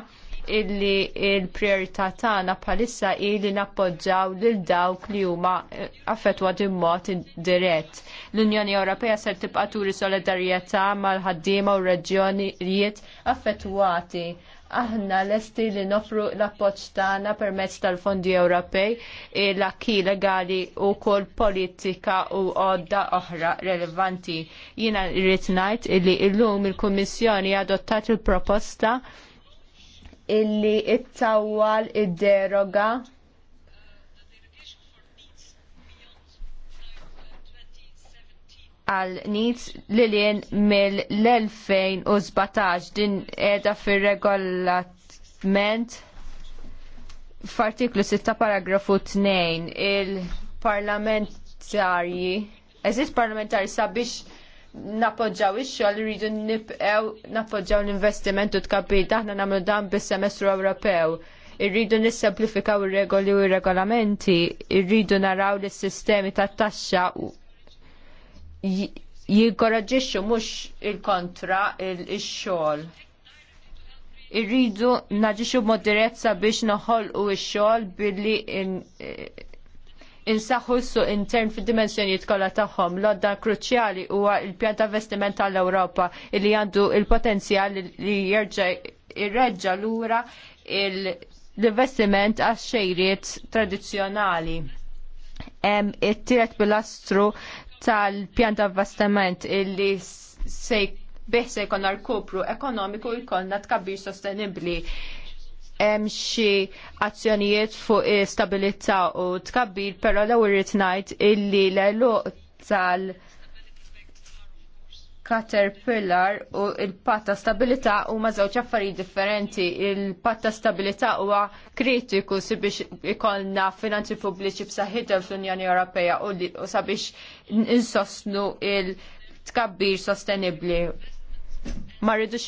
illi il-priorità tagħna bħalissa hi li nappoġġaw lil dawk li huma eh, affettwati b'mod dirett. L-Unjoni Ewropea ser tibqa' turi solidarjetà mal-ħaddiema u reġjonijiet affettwati. Aħna lesti li nofru l-appoġġ tagħna permezz tal-fondi Ewropej, l-akki legali u kol politika u għodda oħra relevanti. Jiena rrid ngħid li llum il-Kummissjoni adottat il-proposta il illi ittawwal id-deroga għal nits li lien mill-2017 din edha fir regolament f'artiklu 6 paragrafu 2 il-parlamentarji, eżist parlamentari sabiex nappoġġaw ix-xogħol iridu nibqgħu nappoġġaw l-investiment u tkabbir aħna nagħmlu dan bis-semestru Ewropew. Irridu nissemplifikaw ir-regoli u r-regolamenti, irridu naraw lis sistemi tat-taxxa jinkoraġġixxu mhux il-kontra ix-xogħol. Irridu naġixxu b'mod direzza biex noħolqu x-xogħol billi insaħħu s-suq intern fid dimensjoniet kollha tagħhom. l kruċjali huwa l-pjan ta' investiment tal-Ewropa li għandu il-potenzjal li jerġa' irreġġa lura l-investiment għax xejriet tradizzjonali. It-tielet pilastru tal-pjan ta' investiment illi se biħ se jkollna rkupru ekonomiku jkollna tkabbir sostenibbli hemm xi azzjonijiet fuq stabilità u tkabbir, però l-ewwel irid ngħid illi l tal- Caterpillar u il patt ta' stabilità huma żewġ affarijiet differenti. il patt ta' stabilità huwa kritiku sabiex ikollna finanzi pubbliċi b'saħħitha fl-Unjoni Ewropea u sabiex insostnu il-tkabbir sostenibbli. Ma rridux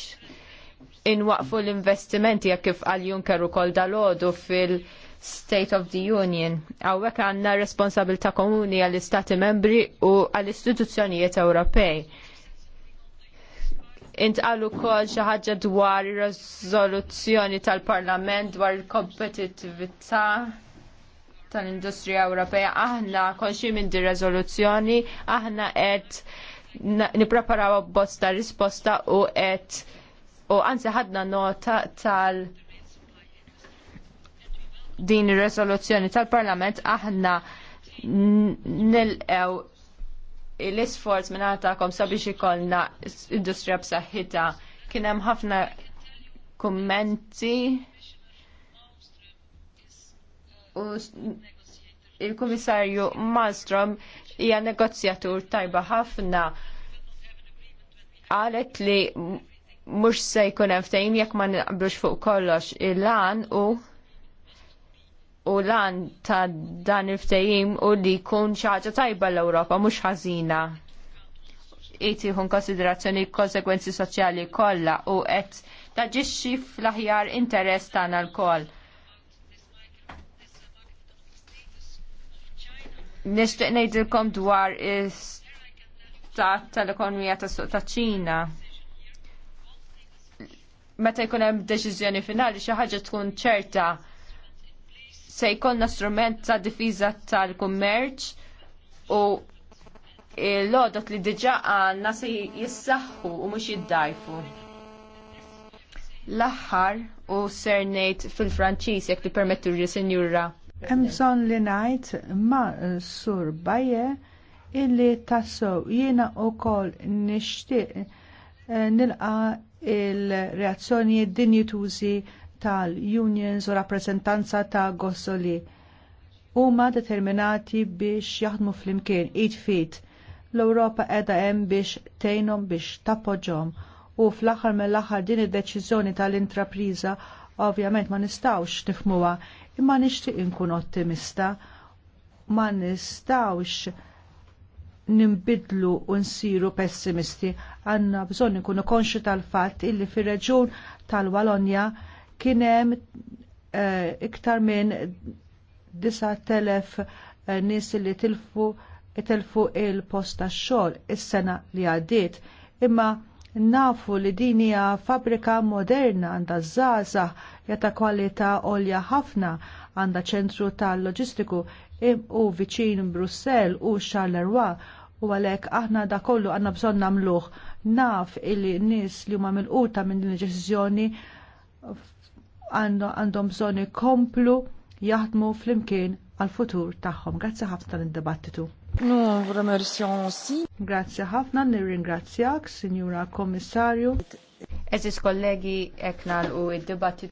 inwaqfu l-investimenti jekk kif għal Juncker ukoll dalodu fil-State of the Union. Hawnhekk għandna responsabilità komuni għall-Istati membri u għall-istituzzjonijiet Ewropej. Intqalu kol xi ħaġa dwar ir-riżoluzzjoni tal-Parlament dwar il-kompetittività tal-Industrija Ewropea. Aħna konxi minn di riżoluzzjoni, aħna qed nippreparaw bosta risposta u qed u anzi ħadna nota tal din ir-resoluzzjoni tal-Parlament aħna nil-ew l-isforz minn għatakom sabiex ikollna industrija b'saħħitha kien hemm ħafna kummenti u il-Kummissarju Malmstrom hija negozjatur tajba ħafna qalet li mhux se jkun hemm ftehim jekk ma naqblux fuq kollox il-lan u u lan ta' dan il-ftehim u li jkun xi ħaġa tajba l-Ewropa mhux ħażina. Itiħun konsiderazzjoni konsekwenzi soċjali kollha u qed taġixxi fl-aħjar interess tagħna lkoll. Nixtieq ngħidilkom dwar is-stat tal-ekonomija tas-suq taċ-Ċina meta jkun hemm deċiżjoni finali xi ħaġa tkun ċerta se jkollna strument ta' difiża tal-kummerċ u l-għodot li diġa għanna se jissaħħu u mhux jiddajfu. L-aħħar u ser ngħid fil-Franċiż jekk li permettu li sinjura. Hemm bżonn li ngħid ma' sur Baje illi tassew jiena wkoll nixtieq eh, nilqa' il-reazzjoni dinjutużi tal-unions u rappresentanza ta' Gossoli. Huma determinati biex jaħdmu fl-imkien, id-fit. L-Europa edha hemm biex tejnom biex tappoġġhom u fl-aħħar mill-aħħar din id-deċiżjoni tal-intrapriża ovvjament ma nistgħux nifmuha imma nixtieq inkun ottimista ma nistgħux nimbidlu u nsiru pessimisti għanna bżon nkunu konxi tal-fatt illi fir reġun tal-Walonja kienem uh, eh, iktar minn 9000 eh, nis li tilfu, il-posta xol is-sena li għaddiet imma nafu li din hija fabrika moderna għandha żgħażagħ hija ta' kwalità għolja ħafna għandha ċentru tal-loġistiku u viċin Brussell u Charleroi u għalhekk aħna da kollu għandna bżonn nagħmluh naf li n-nies li huma milquta minn din il-deċiżjoni għandhom bżonn ikomplu jaħdmu flimkien għall futur tagħhom. Grazzi ħafna tal-dibattitu. Grazie ħafna, nirringrazzjak, Signora Kommissarju. Eżis kollegi, eknal u id debattit